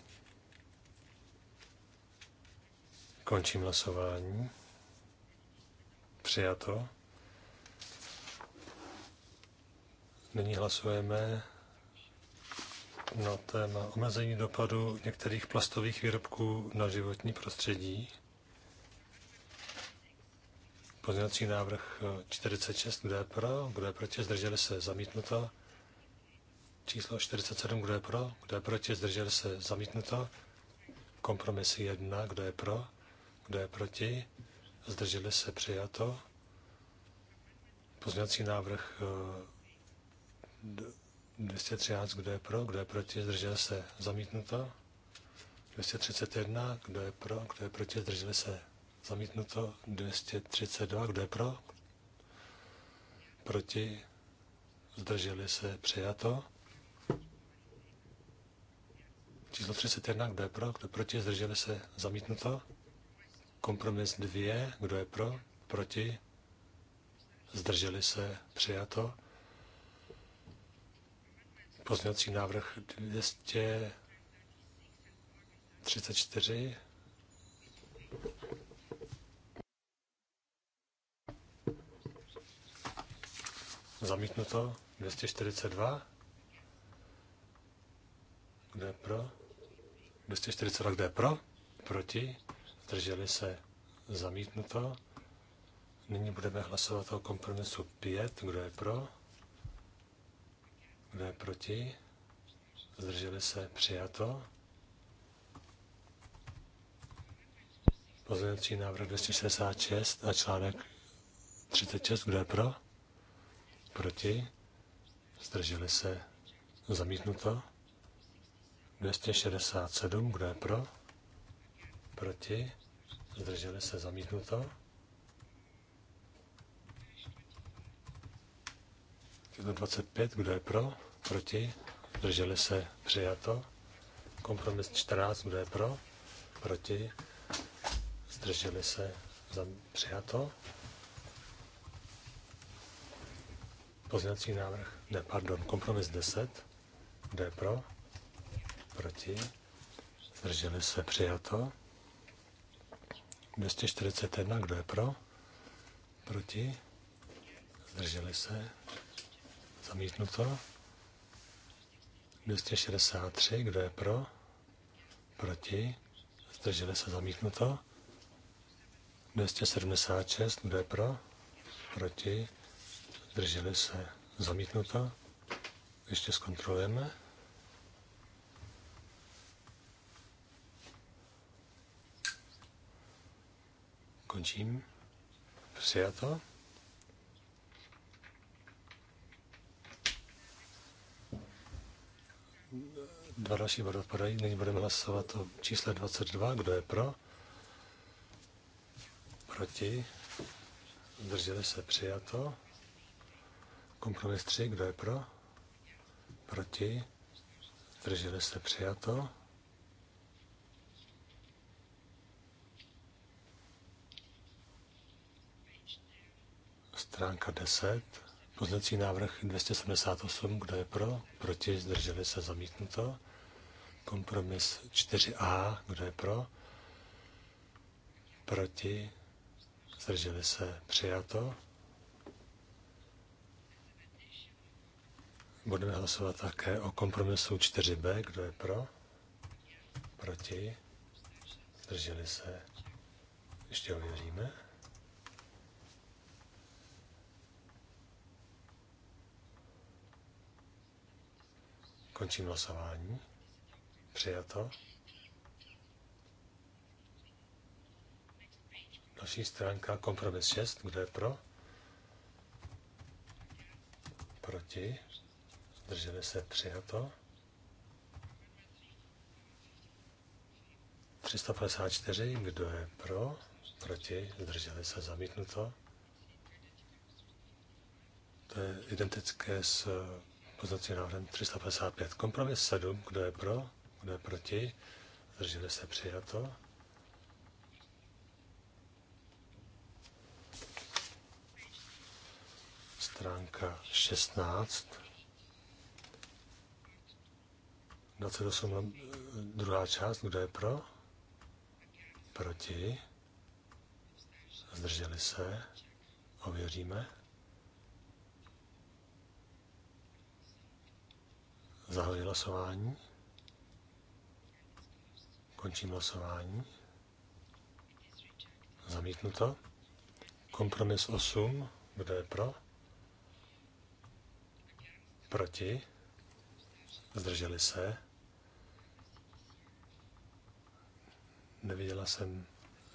Končím hlasování. Přijato. Nyní hlasujeme na téma omezení dopadu některých plastových výrobků na životní prostředí. Pozměňovací návrh 46, kdo je pro, kdo je proti, zdrželi se, zamítnuto. Číslo 47, kdo je pro, kdo je proti, zdrželi se, zamítnuto. Kompromis 1, kdo je pro, kdo je proti? Zdrželi se přijato. Pozměňovací návrh 213, kdo je pro, kdo je proti, zdržel se, zamítnuto. 231, kdo je pro, kdo je proti, zdrželi se, zamítnuto. 232, kdo je pro, proti, zdrželi se, přijato. Číslo 31, kdo je pro, kdo je proti, zdrželi se, zamítnuto. Kompromis dvě. kdo je pro, proti, zdrželi se, přijato. Pozměňovací návrh 234. Zamítnuto 242. Kde je pro? 242, Kde je pro? Proti? zdrželi se zamítnuto. Nyní budeme hlasovat o kompromisu 5. Kdo je pro? Kdo je proti? Zdrželi se přijato. Pozměňovací návrh 266 a článek 36. Kdo je pro? Proti? Zdrželi se zamítnuto. 267. Kdo je pro? proti, zdrželi se zamítnuto. Číslo 25, kdo je pro, proti, zdrželi se přijato. Kompromis 14, kdo je pro, proti, zdrželi se zam přijato. Pozměňovací návrh, ne, pardon, kompromis 10, kdo je pro, proti, zdrželi se přijato. 241, kdo je pro? Proti? Zdrželi se? Zamítnuto. 263, kdo je pro? Proti? Zdrželi se? Zamítnuto. 276, kdo je pro? Proti? Zdrželi se? Zamítnuto. Ještě zkontrolujeme. Končím. Přijato. Dva další body odpadají. Nyní budeme hlasovat o čísle 22. Kdo je pro? Proti? Zdrželi se přijato. Kompromis 3. Kdo je pro? Proti? Zdrželi se přijato. stránka 10, poznací návrh 278, kdo je pro, proti, zdrželi se, zamítnuto. Kompromis 4a, kdo je pro, proti, zdrželi se, přijato. Budeme hlasovat také o kompromisu 4b, kdo je pro, proti, zdrželi se, ještě ověříme. Končím hlasování. Přijato. Další stránka, kompromis 6, kdo je pro? Proti. Zdrželi se přijato. 354, kdo je pro? Proti. Zdrželi se zamítnuto. To je identické s Pozvací návrhem 355. Kompromis 7. Kdo je pro? Kdo je proti? Zdrželi se přijato. Stránka 16. 28. Druhá část. Kdo je pro? Proti? Zdrželi se? Ověříme. Zahajuji hlasování. Končím hlasování. Zamítnuto. Kompromis 8. Kdo je pro? Proti? Zdrželi se? Neviděla jsem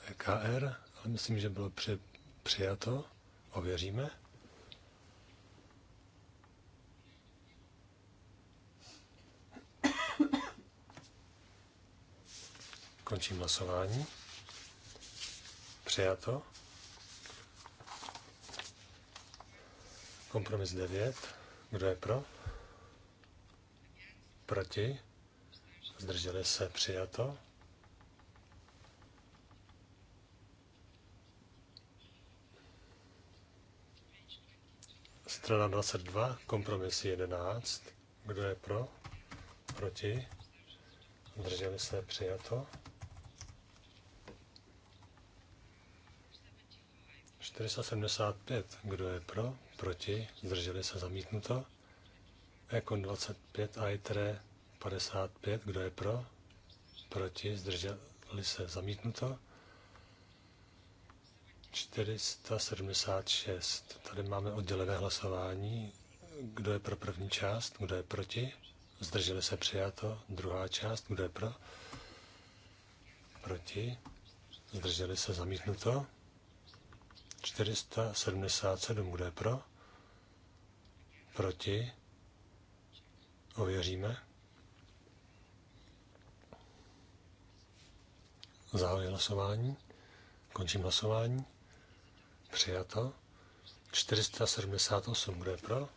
EKR, ale myslím, že bylo při, přijato. Ověříme. Končím hlasování. Přijato. Kompromis 9. Kdo je pro? Proti? Zdrželi se přijato. Strana 22, kompromis 11. Kdo je pro? Proti? Zdrželi se přijato. 475. Kdo je pro? Proti? Zdrželi se zamítnuto. Ekon 25 Aitre 55. Kdo je pro? Proti? Zdrželi se zamítnuto. 476. Tady máme oddělené hlasování. Kdo je pro první část? Kdo je proti? Zdrželi se přijato. Druhá část. Kdo je pro? Proti? Zdrželi se zamítnuto. 477. Kdo je pro? Proti? Ověříme. Zahajuji hlasování. Končím hlasování. Přijato. 478. Kdo je pro?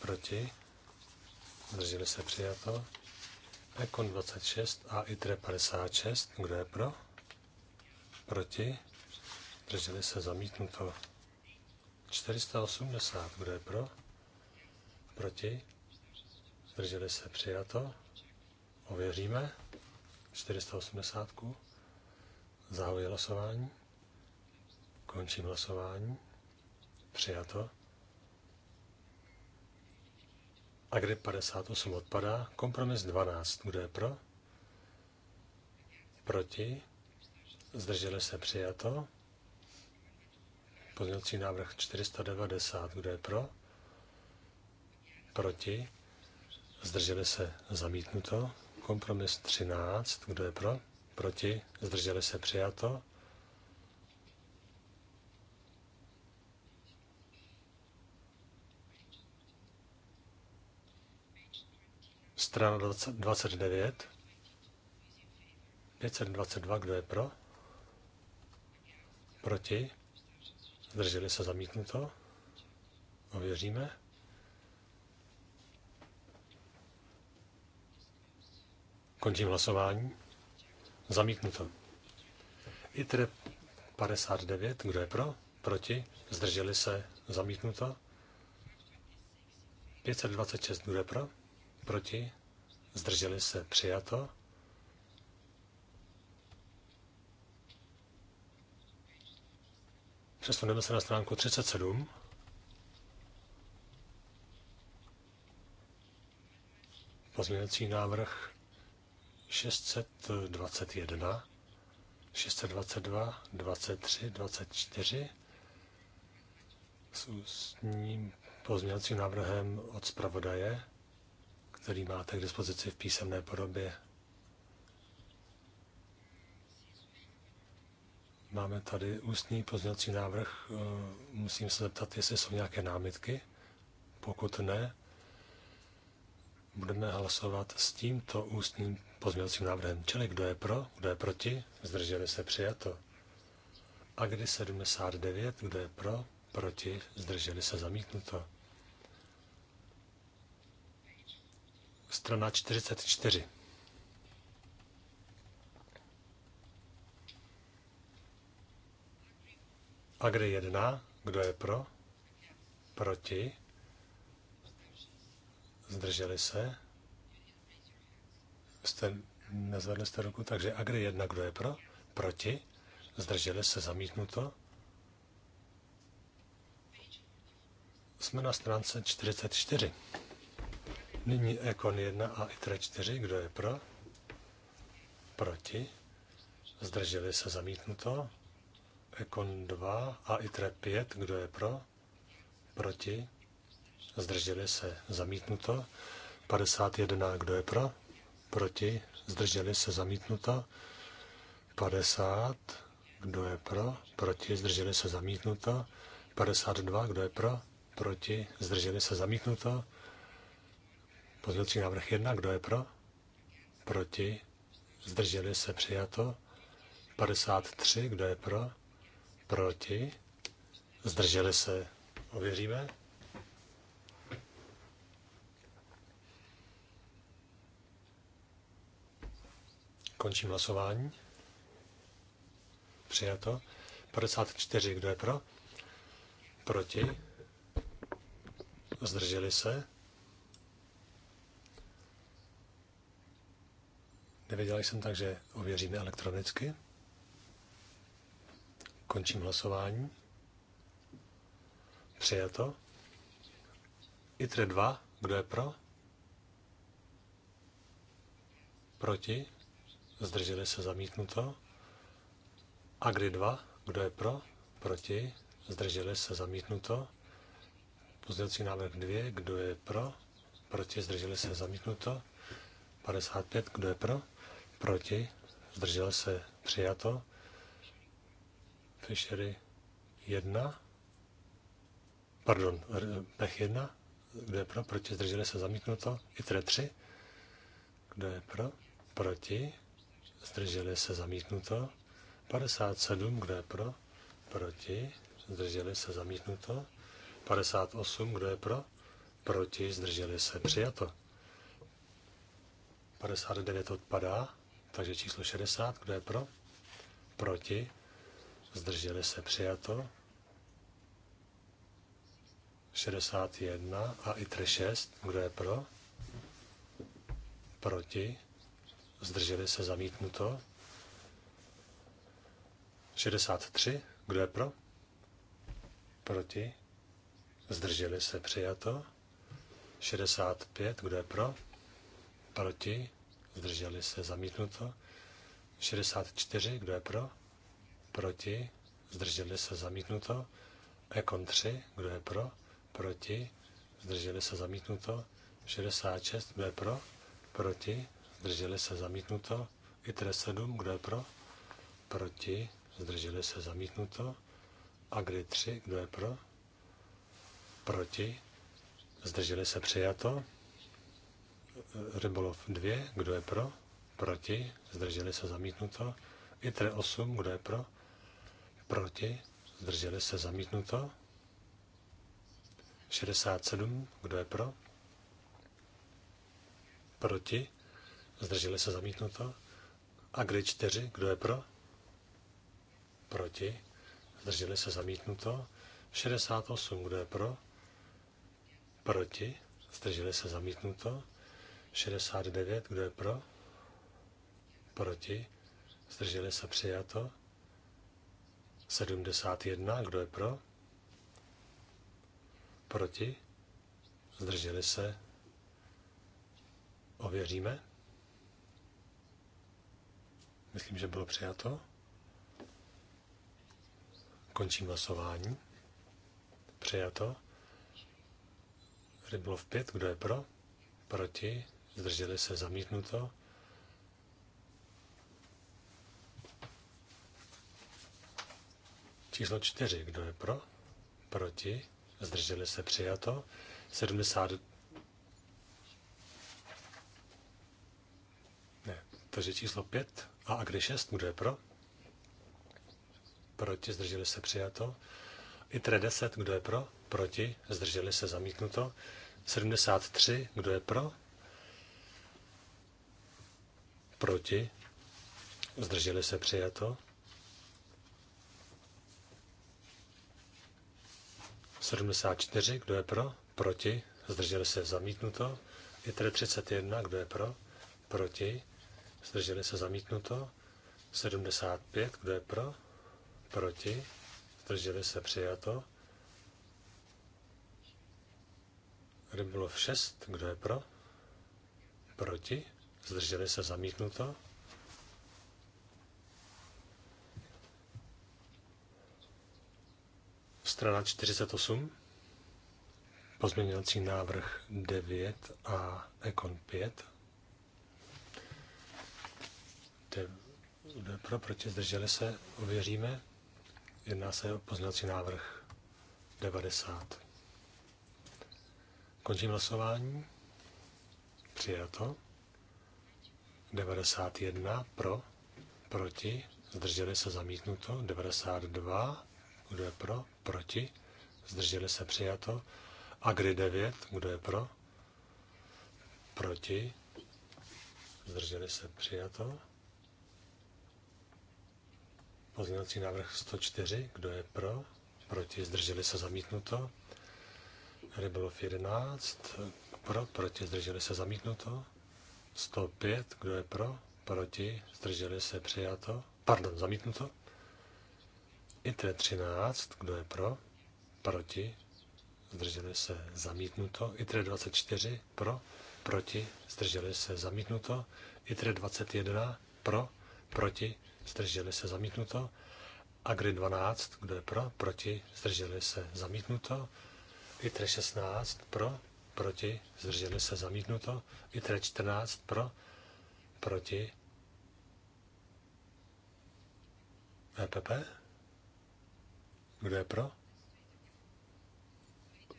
Proti? Zdrželi se přijato. Ekon 26 a ITRE 56. Kdo je pro? Proti? Drželi se zamítnuto. 480. Kdo je pro? Proti? Drželi se přijato. Ověříme. 480. Zahajuji hlasování. Končím hlasování. Přijato. A kde 58 odpadá, kompromis 12. Kdo je pro? Proti? Zdrželi se přijato. Pozměňovací návrh 490. Kdo je pro? Proti? Zdrželi se zamítnuto. Kompromis 13. Kdo je pro? Proti? Zdrželi se přijato. Strana 29. 522. Kdo je pro? Proti? Zdrželi se zamítnuto? Ověříme. No, Končím hlasování. Zamítnuto. tedy 59, kdo je pro? Proti? Zdrželi se? Zamítnuto? 526, kdo je pro? Proti? Zdrželi se? Přijato? Přesuneme se na stránku 37. Pozměňovací návrh 621, 622, 23, 24 s ústním pozměňovacím návrhem od zpravodaje, který máte k dispozici v písemné podobě. Máme tady ústní pozměňovací návrh. Eh, musím se zeptat, jestli jsou nějaké námitky. Pokud ne, budeme hlasovat s tímto ústním pozměňovacím návrhem. Čili kdo je pro, kdo je proti, zdrželi se přijato. A kdy 79, kdo je pro, proti, zdrželi se zamítnuto. Strana 44. A kde jedna, kdo je pro? Proti? Zdrželi se? Jste, nezvedli jste ruku, takže a kde jedna, kdo je pro? Proti? Zdrželi se? Zamítnuto? Jsme na stránce 44. Nyní Ekon 1 a ITRE 4, kdo je pro? Proti? Zdrželi se? Zamítnuto? Ekon 2 a ITRE 5. Kdo je pro? Proti? Zdrželi se. Zamítnuto. 51. Kdo je pro? Proti? Zdrželi se. Zamítnuto. 50. Kdo je pro? Proti? Zdrželi se. Zamítnuto. 52. Kdo je pro? Proti? Zdrželi se. Zamítnuto. Pozměňovací návrh 1. Kdo je pro? Proti? Zdrželi se. Přijato. 53. Kdo je pro? Proti? Zdrželi se? Ověříme? Končím hlasování. Přijato. 54. Kdo je pro? Proti? Zdrželi se? Nevěděl jsem tak, že ověříme elektronicky. Končím hlasování. Přijato. ITRE 2. Kdo je pro? Proti? Zdrželi se zamítnuto. AGRI 2. Kdo je pro? Proti? Zdrželi se zamítnuto. Pozdělcí návrh 2. Kdo je pro? Proti? Zdrželi se zamítnuto. 55. Kdo je pro? Proti? Zdrželi se přijato. Fischery 1, pardon, Pech 1, kde je pro, proti, zdrželi se zamítnuto, ITRE 3, kde je pro, proti, zdrželi se zamítnuto, 57, kde je pro, proti, zdrželi se zamítnuto, 58, kdo je pro, proti, zdrželi se přijato. 59 odpadá, takže číslo 60, kdo je pro, proti, zdrželi se přijato. 61 a i 36, kdo je pro? Proti, zdrželi se zamítnuto. 63, kdo je pro? Proti, zdrželi se přijato. 65, kdo je pro? Proti, zdrželi se zamítnuto. 64, kdo je pro? proti, zdrželi se zamítnuto. Ekon 3, kdo je pro, proti, zdrželi se zamítnuto. 66, kdo je pro, proti, zdrželi se zamítnuto. ITRE 7, kdo je pro, proti, zdrželi se zamítnuto. Agri 3, kdo je pro, proti, zdrželi se přijato. Rybolov 2, kdo je pro, proti, zdrželi se zamítnuto. ITRE 8, kdo je pro, Proti? Zdrželi se zamítnuto? 67. Kdo je pro? Proti? Zdrželi se zamítnuto? A kdy 4. Kdo je pro? Proti? Zdrželi se zamítnuto? 68. Kdo je pro? Proti? Zdrželi se zamítnuto? 69. Kdo je pro? Proti? Zdrželi se přijato? 71. Kdo je pro? Proti? Zdrželi se? Ověříme? Myslím, že bylo přijato. Končím hlasování. Přijato. Rybolov 5. Kdo je pro? Proti? Zdrželi se? Zamítnuto. Číslo 4. Kdo je pro? Proti? Zdrželi se přijato. 70. Ne, takže číslo 5. A a agri 6. Kdo je pro? Proti? Zdrželi se přijato. ITRE 10. Kdo je pro? Proti? Zdrželi se zamítnuto. 73. Kdo je pro? Proti? Zdrželi se přijato. 74, kdo je pro? Proti? Zdrželi se zamítnuto. Je tedy 31, kdo je pro? Proti? Zdrželi se zamítnuto. 75, kdo je pro? Proti? Zdrželi se přijato. Rybolov 6, kdo je pro? Proti? Zdrželi se zamítnuto. strana 48, pozměňovací návrh 9 a Ekon 5. Jde pro, proti, zdrželi se, ověříme. Jedná se o pozměňovací návrh 90. Končím hlasování. Přijato. 91 pro, proti, zdrželi se zamítnuto. 92 kdo je pro? Proti? Zdrželi se přijato. Agri 9. Kdo je pro? Proti? Zdrželi se přijato. Pozměňovací návrh 104. Kdo je pro? Proti? Zdrželi se zamítnuto. Rybolov 11. Pro? Proti? Zdrželi se zamítnuto. 105. Kdo je pro? Proti? Zdrželi se přijato. Pardon, zamítnuto. I T13, kdo je pro? Proti? Zdrželi se zamítnuto. I T24, pro? Proti? Zdrželi se zamítnuto. I T21, pro? Proti? Zdrželi se zamítnuto. Agri 12, kdo je pro? Proti? Zdrželi se zamítnuto. I T16, pro? Proti? Zdrželi se zamítnuto. I T14, pro? Proti? EPP? Kdo je pro?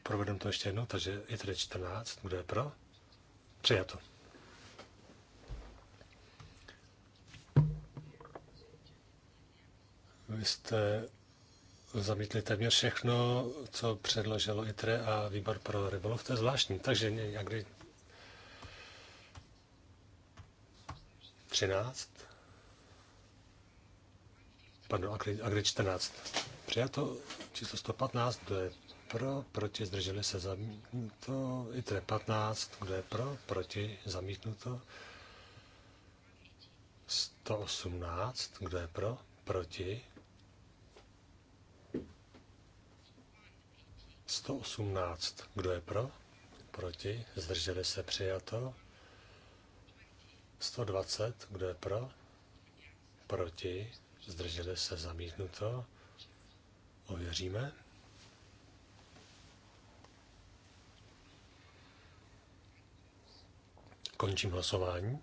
Provedeme to ještě jednou, takže je tady 14. Kdo je pro? Přijato. Vy jste zamítli téměř všechno, co předložilo ITRE a výbor pro rybolov. To je zvláštní, takže někdy 13 pardon, Agri 14. Přijato číslo 115, kdo je pro, proti, zdrželi se zamítnuto. je 15, kdo je pro, proti, zamítnuto. 118, kdo je pro, proti. 118, kdo je pro, proti, zdrželi se přijato. 120, kdo je pro, proti, zdrželi se zamítnuto. Ověříme. Končím hlasování.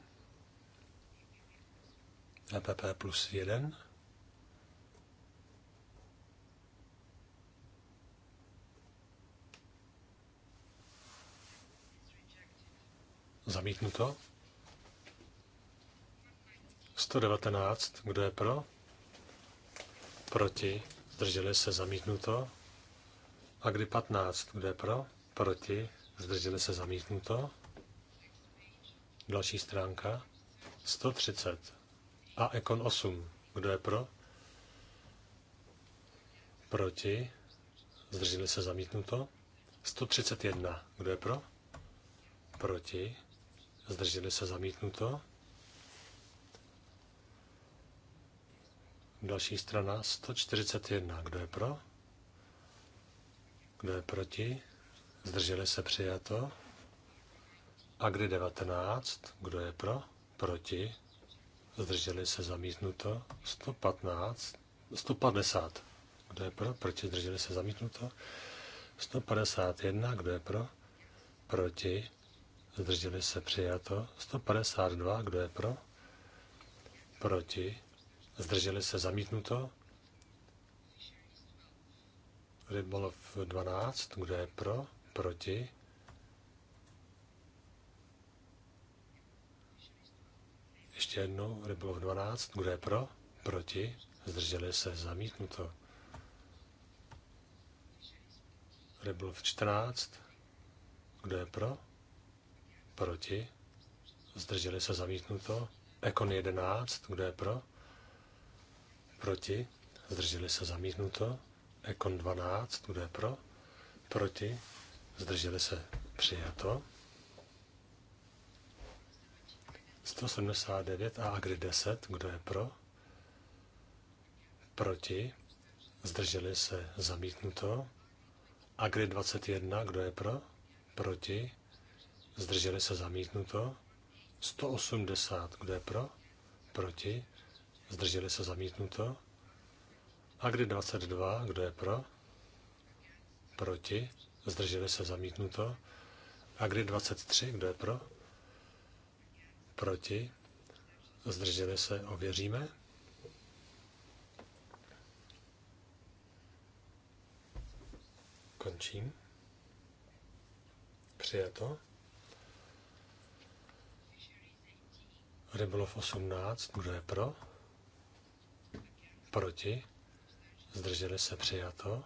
EPP plus 1. Zamítnuto. 119. Kdo je pro? proti, zdrželi se zamítnuto. A kdy 15, kde pro, proti, zdrželi se zamítnuto. Další stránka, 130. A Ekon 8, kdo je pro, proti, zdrželi se zamítnuto. 131, kdo je pro, proti, zdrželi se zamítnuto. Další strana 141. Kdo je pro? Kdo je proti? Zdrželi se přijato. A kdy 19? Kdo je pro? Proti? Zdrželi se zamítnuto. 115. 150. Kdo je pro? Proti? Zdrželi se zamítnuto. 151. Kdo je pro? Proti? Zdrželi se přijato. 152. Kdo je pro? Proti? zdrželi se zamítnuto. Rybolov 12, kdo je pro, proti. Ještě jednou, rybolov 12, kdo je pro, proti, zdrželi se zamítnuto. Rybolov 14, kdo je pro, proti, zdrželi se zamítnuto. Ekon 11, kdo je pro, proti, zdrželi se zamítnuto, Ekon 12, kdo je pro, proti, zdrželi se přijato, 179 a Agri 10, kdo je pro, proti, zdrželi se zamítnuto, Agri 21, kdo je pro, proti, zdrželi se zamítnuto, 180, kdo je pro, proti, zdrželi se zamítnuto. A kdy 22, kdo je pro, proti, zdrželi se zamítnuto. A kdy 23, kdo je pro, proti, zdrželi se, ověříme. Končím. Přijato. Rybolov 18, kdo je pro? Proti? Zdrželi se přijato.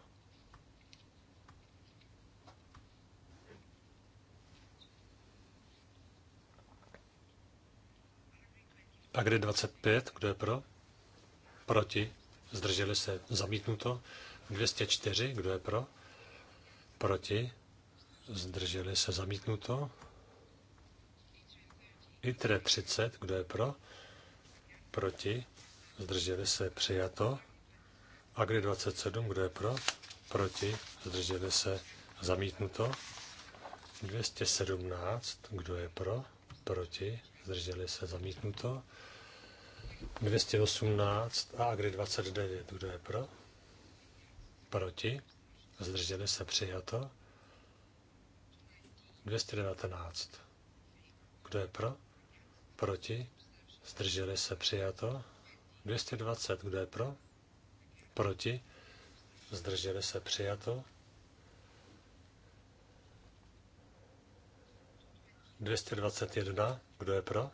A kde 25, kdo je pro? Proti? Zdrželi se zamítnuto. 204, kdo je pro? Proti? Zdrželi se zamítnuto. ITRE 30, kdo je pro? Proti? zdrželi se, přijato. A kdy 27, kdo je pro, proti, zdrželi se, zamítnuto. 217, kdo je pro, proti, zdrželi se, zamítnuto. 218 a Agri 29, kdo je pro, proti, zdrželi se, přijato. 219, kdo je pro, proti, zdrželi se, přijato. 220, kdo je pro? Proti? Zdrželi se přijato. 221, kdo je pro?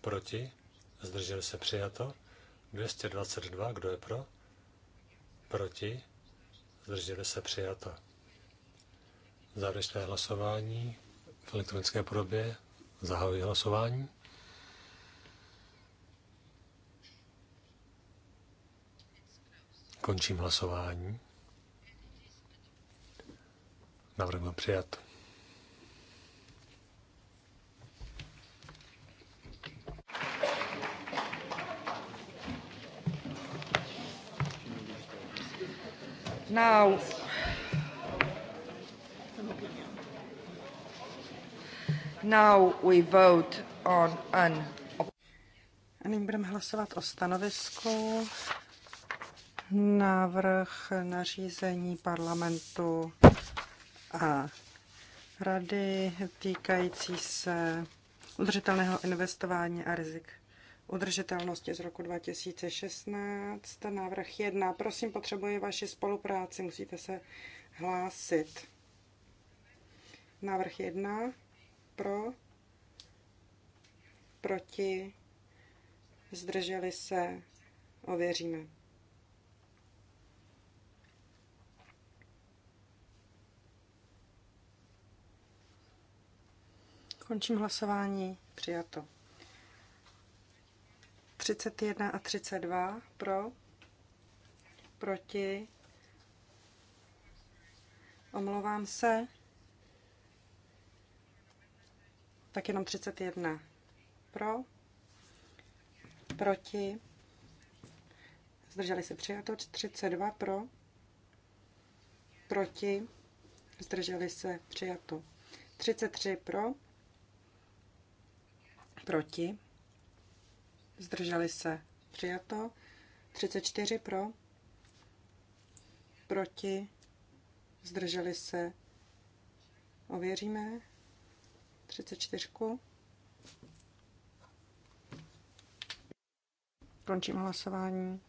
Proti? Zdrželi se přijato. 222, kdo je pro? Proti? Zdrželi se přijato. Závěrečné hlasování v elektronické podobě. Zahajuji hlasování. Končím hlasování. Návrh byl přijat. Now, now we vote on an... A nyní budeme hlasovat o stanovisku návrh nařízení parlamentu a rady týkající se udržitelného investování a rizik udržitelnosti z roku 2016. Návrh 1. Prosím, potřebuji vaši spolupráci, musíte se hlásit. Návrh 1. Pro. Proti. Zdrželi se. Ověříme. Končím hlasování. Přijato. 31 a 32 pro, proti, omlouvám se, tak jenom 31 pro, proti, zdrželi se přijato, 32 pro, proti, zdrželi se přijato, 33 pro, proti, zdrželi se, přijato, 34 pro, proti, zdrželi se, ověříme, 34. Končím hlasování.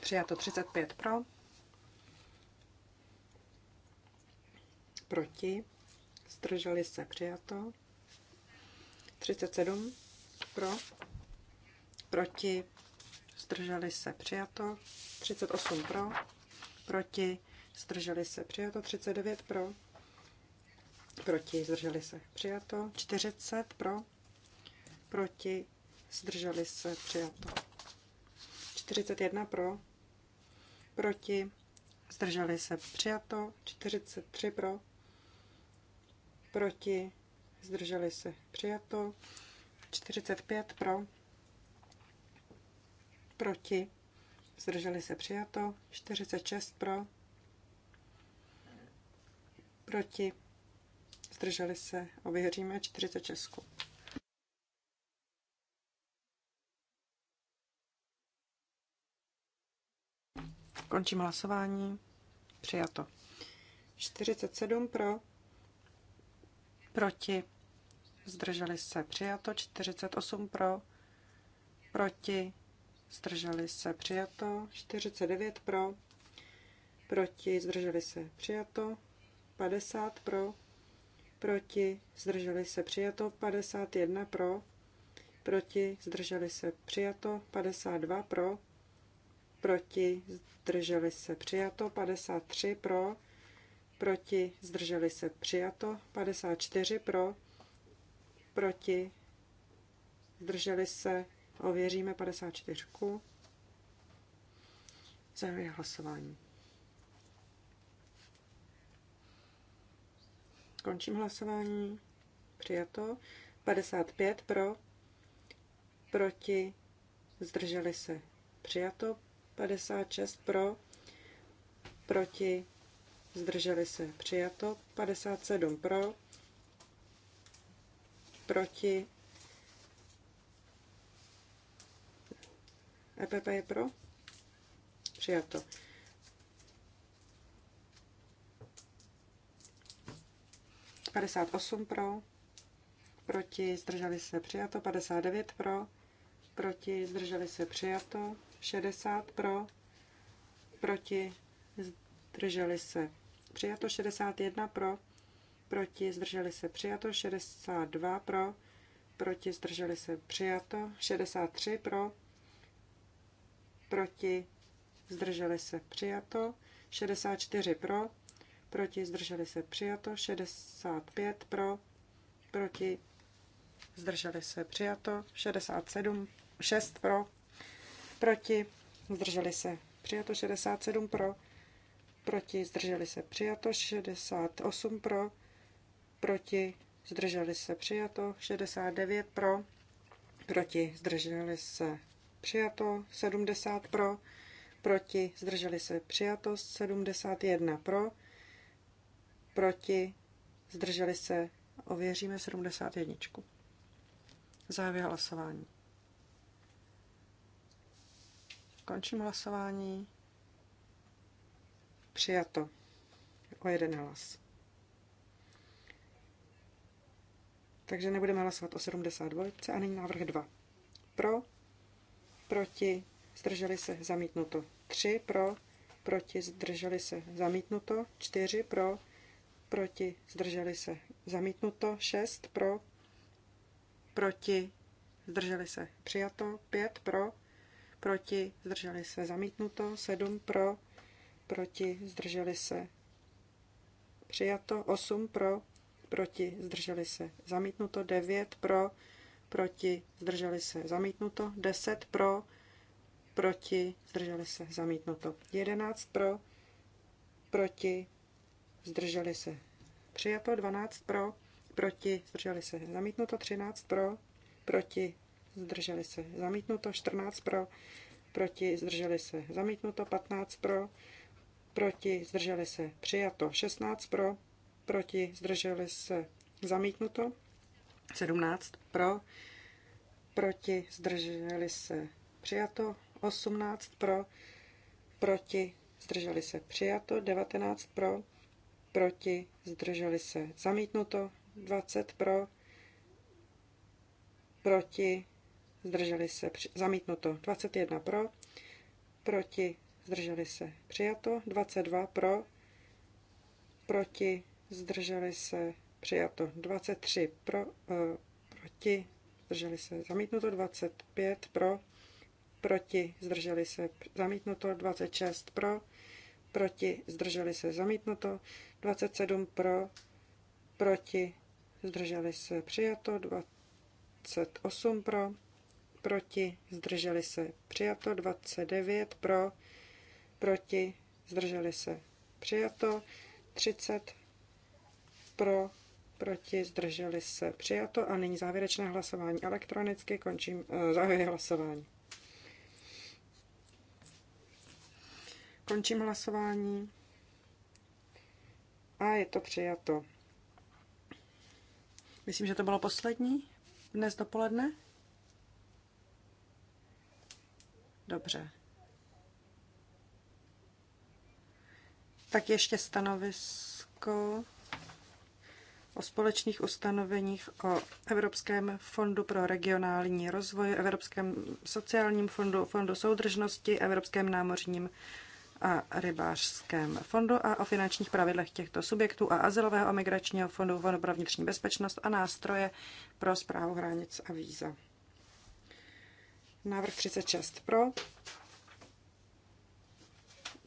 Přijato 35 pro. Proti zdrželi se přijato. 37 pro, proti, zdrželi se přijato. 38 pro, proti, zdrželi se přijato. 39 pro, proti, zdrželi se přijato. 40 pro, proti, zdrželi se přijato. 41 pro, proti, zdrželi se přijato. 43 pro, proti, zdrželi se přijato, 45 pro, proti, zdrželi se přijato, 46 pro, proti, zdrželi se, ověříme 46. Končím hlasování. Přijato. 47 pro, proti, zdrželi se přijato, 48 pro, proti, zdrželi se přijato, 49 pro, proti, zdrželi se přijato, 50 pro, proti, zdrželi se přijato, 51 pro, proti, zdrželi se přijato, 52 pro, proti, zdrželi se přijato, 53 pro, proti, zdrželi se přijato, 54 pro, proti, zdrželi se, ověříme 54. Zahajuji hlasování. Končím hlasování. Přijato. 55 pro, proti, zdrželi se. Přijato. 56 pro, proti, zdrželi se přijato, 57 pro, proti, EPP je pro, přijato. Padesát osm pro, proti, zdrželi se přijato, padesát devět pro, proti, zdrželi se přijato, šedesát pro, proti, zdrželi se přijato 61 pro, proti zdrželi se přijato 62 pro, proti zdrželi se přijato 63 pro, proti zdrželi se přijato 64 pro, proti zdrželi se přijato 65 pro, proti zdrželi se přijato 67 6 pro, proti zdrželi se přijato 67 pro, proti, zdrželi se přijato, 68 pro, proti, zdrželi se přijato, 69 pro, proti, zdrželi se přijato, 70 pro, proti, zdrželi se přijato, 71 pro, proti, zdrželi se, ověříme 71. Závěr hlasování. Končím hlasování. Přijato. O jeden hlas. Takže nebudeme hlasovat o 72 a nyní návrh 2. Pro, proti, zdrželi se, zamítnuto. 3 pro, proti, zdrželi se, zamítnuto. 4 pro, proti, zdrželi se, zamítnuto. 6 pro, proti, zdrželi se, přijato. 5 pro, proti, zdrželi se, zamítnuto. 7 pro, proti, zdrželi se. Přijato 8 pro, proti, zdrželi se. Zamítnuto 9 pro, proti, zdrželi se. Zamítnuto 10 pro, proti, zdrželi se. Zamítnuto 11 pro, proti, zdrželi se. Přijato 12 pro, proti, zdrželi se. Zamítnuto 13 pro, proti, zdrželi se. Zamítnuto 14 pro, proti, zdrželi se. Zamítnuto 15 pro, proti, zdrželi se, přijato. 16 pro, proti, zdrželi se, zamítnuto. 17 pro, proti, zdrželi se, přijato. 18 pro, proti, zdrželi se, přijato. 19 pro, proti, zdrželi se, zamítnuto. 20 pro, proti, zdrželi se, zamítnuto. 21 pro, proti, zdrželi se přijato, 22 pro, proti, zdrželi se přijato, 23 pro, uh, proti, zdrželi se zamítnuto, 25 pro, proti, zdrželi se zamítnuto, 26 pro, proti, zdrželi se zamítnuto, 27 pro, proti, zdrželi se přijato, 28 pro, proti, zdrželi se přijato, 29 pro, proti, zdrželi se přijato, 30 pro, proti, zdrželi se přijato a nyní závěrečné hlasování elektronicky, končím, eh, závěrečné hlasování. Končím hlasování a je to přijato. Myslím, že to bylo poslední dnes dopoledne. Dobře. Tak ještě stanovisko o společných ustanoveních o Evropském fondu pro regionální rozvoj, Evropském sociálním fondu, Fondu soudržnosti, Evropském námořním a rybářském fondu a o finančních pravidlech těchto subjektů a azylového a migračního fondu, Fondu pro vnitřní bezpečnost a nástroje pro zprávu hranic a víza. Návrh 36 pro,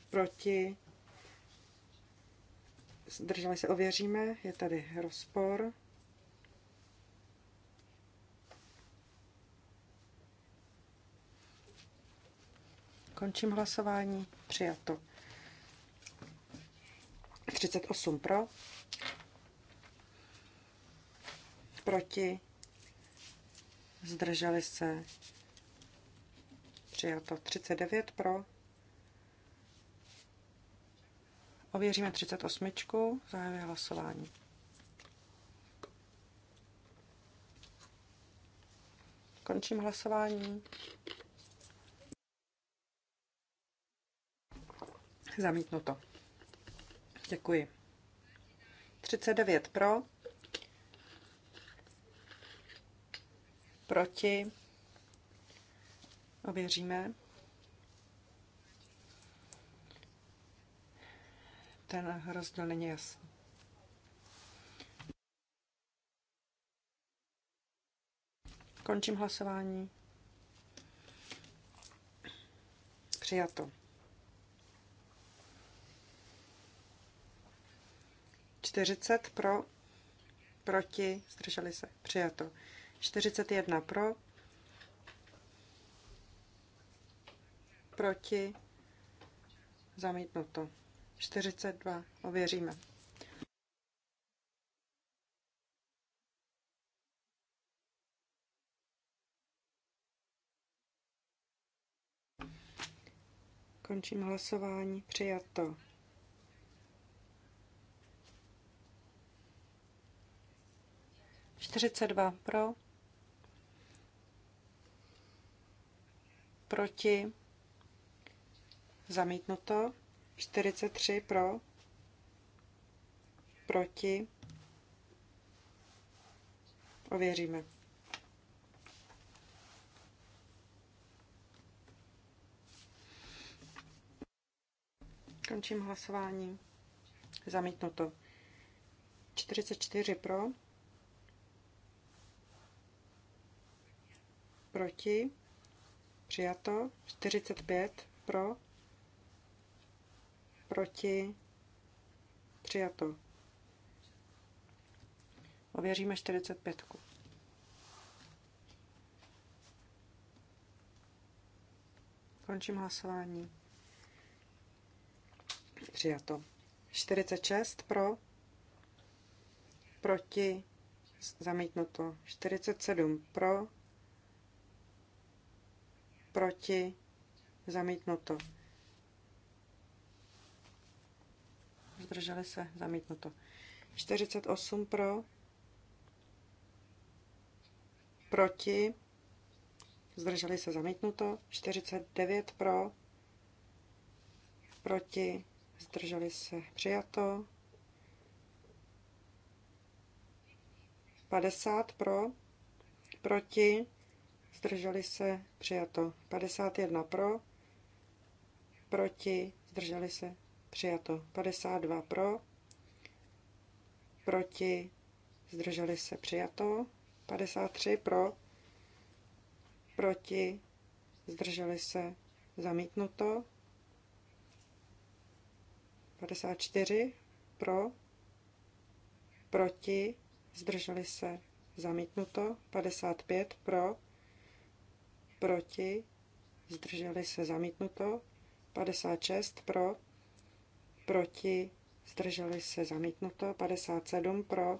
proti, zdrželi se, ověříme, je tady rozpor. Končím hlasování, přijato. 38 pro, proti, zdrželi se, přijato 39 pro, Ověříme 38. Zahajuji hlasování. Končím hlasování. Zamítnuto. Děkuji. 39 pro. Proti. Ověříme. ten rozdíl není jasný. Končím hlasování. Přijato. 40 pro, proti, zdrželi se, přijato. 41 pro, proti, zamítnuto. 42. Ověříme. Končím hlasování. Přijato. Čtyřicet dva pro. Proti. Zamítnuto. 43 pro, proti, ověříme. Končím hlasování. Zamítnuto. 44 pro. Proti. Přijato. 45 pro proti, přijato. Ověříme 45. Končím hlasování. Přijato. 46 pro, proti, zamítnuto. 47 pro, proti, zamítnuto. zdrželi se, zamítnuto. 48 pro, proti, zdrželi se, zamítnuto. 49 pro, proti, zdrželi se, přijato. 50 pro, proti, zdrželi se, přijato. 51 pro, proti, zdrželi se, přijato 52 pro, proti, zdrželi se přijato 53 pro, proti, zdrželi se zamítnuto 54 pro, proti, zdrželi se zamítnuto 55 pro, proti, zdrželi se zamítnuto 56 pro, proti, zdrželi se zamítnuto, 57 pro,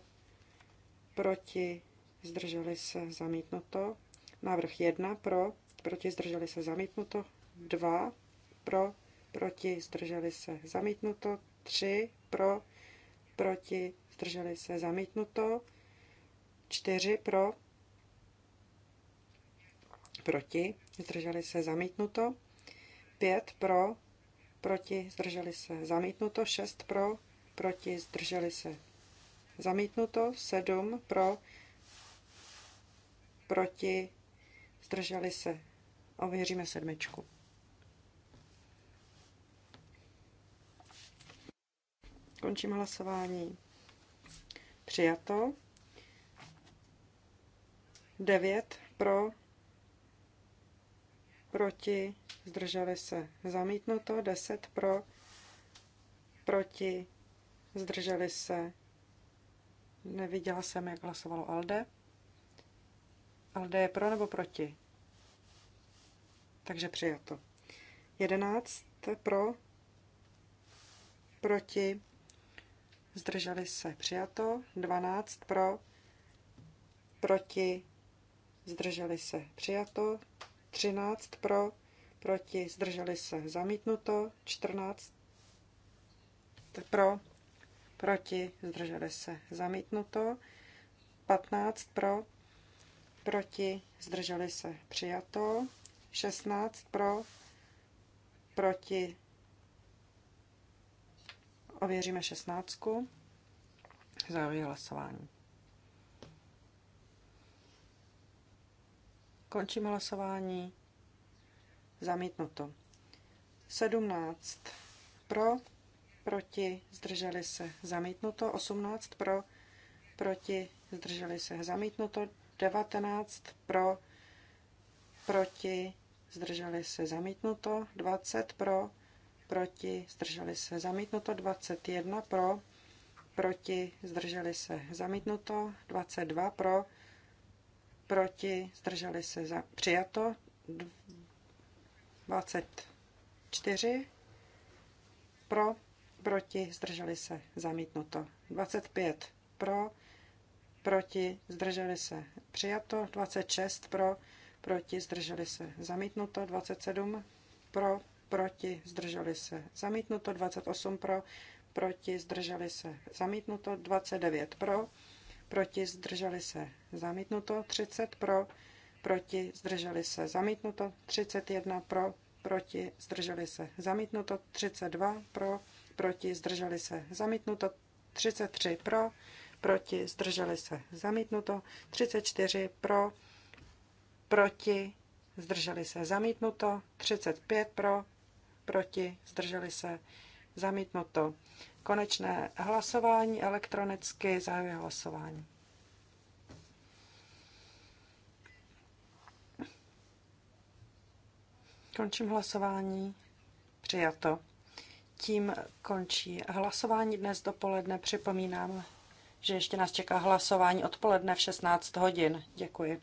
proti, zdrželi se zamítnuto, návrh 1 pro, proti, zdrželi se zamítnuto, 2 pro, proti, zdrželi se zamítnuto, 3 pro, proti, zdrželi se zamítnuto, 4 pro, proti, zdrželi se zamítnuto, 5 pro, proti, zdrželi se. Zamítnuto 6 pro, proti, zdrželi se. Zamítnuto 7 pro, proti, zdrželi se. Ověříme sedmičku. Končím hlasování. Přijato. 9 pro, proti, zdrželi se zamítnuto, 10 pro, proti, zdrželi se, neviděla jsem, jak hlasovalo Alde. Alde je pro nebo proti? Takže přijato. 11 pro, proti, zdrželi se, přijato. 12 pro, proti, zdrželi se, přijato. 13 pro, proti, zdrželi se, zamítnuto, 14 pro, proti, zdrželi se, zamítnuto, 15 pro, proti, zdrželi se, přijato, 16 pro, proti, ověříme 16. závěr hlasování. Končím hlasování. Zamítnuto. 17 pro, proti, zdrželi se, zamítnuto. 18 pro, proti, zdrželi se, zamítnuto. 19 pro, proti, zdrželi se, zamítnuto. 20 pro, proti, zdrželi se, zamítnuto. 21 pro, proti, zdrželi se, zamítnuto. 22 pro, proti, zdrželi se za přijato 24 pro, proti, zdrželi se zamítnuto 25 pro, proti, zdrželi se přijato 26 pro, proti, zdrželi se zamítnuto 27 pro, proti, zdrželi se zamítnuto 28 pro, proti, zdrželi se zamítnuto 29 pro, proti, zdrželi se, zamítnuto, 30 pro, proti, zdrželi se, zamítnuto, 31 pro, proti, zdrželi se, zamítnuto, 32 pro, proti, zdrželi se, zamítnuto, 33 pro, proti, zdrželi se, zamítnuto, 34 pro, proti, zdrželi se, zamítnuto, 35 pro, proti, zdrželi se, Zamítnuto. Konečné hlasování elektronicky. Zahajuji hlasování. Končím hlasování. Přijato. Tím končí hlasování dnes dopoledne. Připomínám, že ještě nás čeká hlasování odpoledne v 16 hodin. Děkuji.